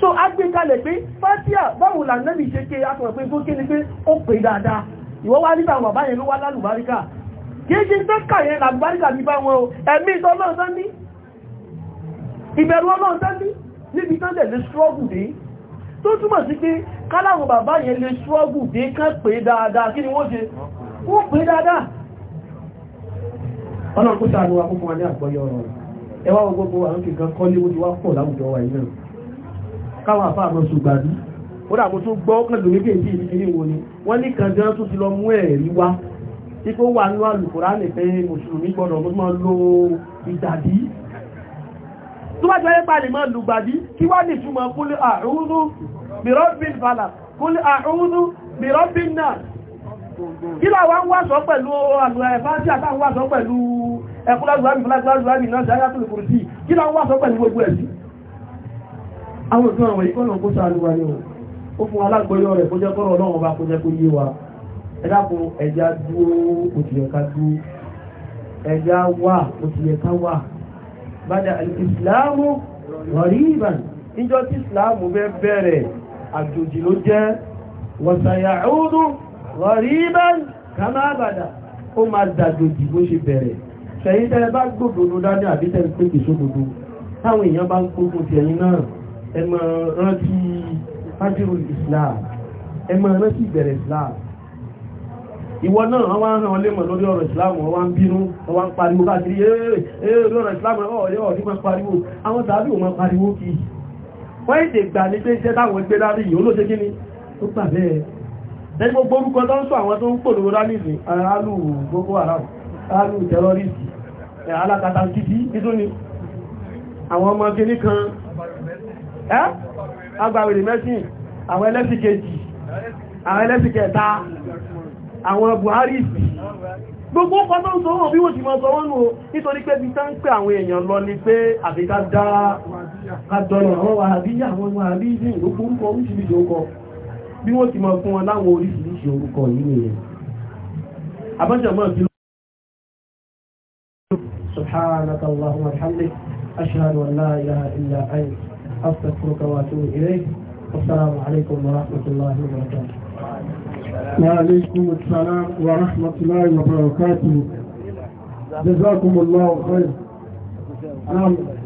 so a gbé kalẹ̀ pé fátíà báwo là nẹ́bì ṣe ké akọ̀rọ̀ pé tó ké ni pé ó pè dáadáa ìwọ́ wá nígbà bàbá yẹn ló wá lálùbáríkà kìí ṣe tẹ́kà yẹn làlùbáríkà bí bá wọn o ẹ̀mí ọlọ́run tán ní ìbẹ̀rù ọlọ́run tán ní níbi tán lẹ̀ lè ṣọ́gù dé tó túmọ̀ sí pé káláwọn bàbá yẹn lè ṣọ́gù dé kán pè dáadáa kí ni wọ́n ṣe wọ́n pè dáadáa ọlọ́run kó ṣàánú wa kó fún wa ní àgbọ́yọ̀ ọ̀rọ̀ ẹwà gbogbo àwọn kìkan kọ́ léwó ti wá pọ̀ láwùjọ wa yìí náà káwọn àfáà lọ ṣùgbàdú ó dà mo tún gbọ́ kẹ́lù méjèèjì ìdílé wo ni wọ́n ní kan jẹ́ tó ti lọ mú ẹ̀rí wá tí kó wà ní àlùkòrá lè mùsùlùmí gbọ́dọ̀ mo máa wá ní ìtumọ̀ qul a'udhu bi rabbil falaq qul kí láwá wá sọ pẹ̀lú àlù ẹ̀fá àwọn ìfẹ́ àwọn ìkọ́nà kó sáàlúwà ní wọn ó fún alágbóyọ́ rẹ̀ kó jẹ́ kọ́rọ̀ ọlọ́run bá kó jẹ́ kó yé wa ẹ̀dàkùn ẹja dúró òtìyẹ̀ká dúró bada ìsìláàmù rọ̀ríban níjọ́ tí ìsìláàmù bẹ́ bẹ̀rẹ̀ àjòjì ló jẹ́ wọ̀sàyà ọdún rọ̀ríban kàmá bàdà tẹ́lẹ̀ bá gbòdòdó dání àbí tẹ́lẹ̀ pé kìí táwọn èèyàn bá ń kó fún ti ẹ̀yìn náà ẹ máa rántí fájírò Islam ẹ máa rántí ìbẹ̀rẹ̀ Islam ìwọ náà wọ́n wá ń ràn ọlẹ́mọ̀ lórí ọ̀rọ̀ ìsìláàmù wọ́n wá ń bínú wọ́n wá ń pariwo káàkiri ẹ̀ẹ́ ọ̀rọ̀ ìsìláàmù ọ̀rẹ́ ọ̀rẹ́ máa pariwo àwọn tàbí ò máa pariwo kí wọ́n èdè gbà ní pé iṣẹ́ táwọn gbé lárí yìí olóṣe kí ni ó gbà bẹ́ẹ̀ ẹni gbogbo orúkọ tó ń sọ àwọn tó ń pòlòrò rálìsì aráàlù Boko Haram aráàlù tẹrọrìsì alákatakítí nítorí àwọn agbàwèrè mẹ́sìn àwọn ẹlẹ́sìn kejì àwọn ẹlẹ́sìn àwọn Buhari gbogbo ọkọ̀ tó ń bi bí wọ́n ti mọ́ sọ nù nítorí pé bí tán àwọn èèyàn lọ ní pé àbíká dá àjọyọ̀ àwọn wàhábíyà àwọn wàhábíyà gbogbo orúkọ oríṣiríṣi أستغفرك وأتوب إليك والسلام عليكم ورحمة الله وبركاته وعليكم السلام ورحمة الله وبركاته جزاكم الله خير نعم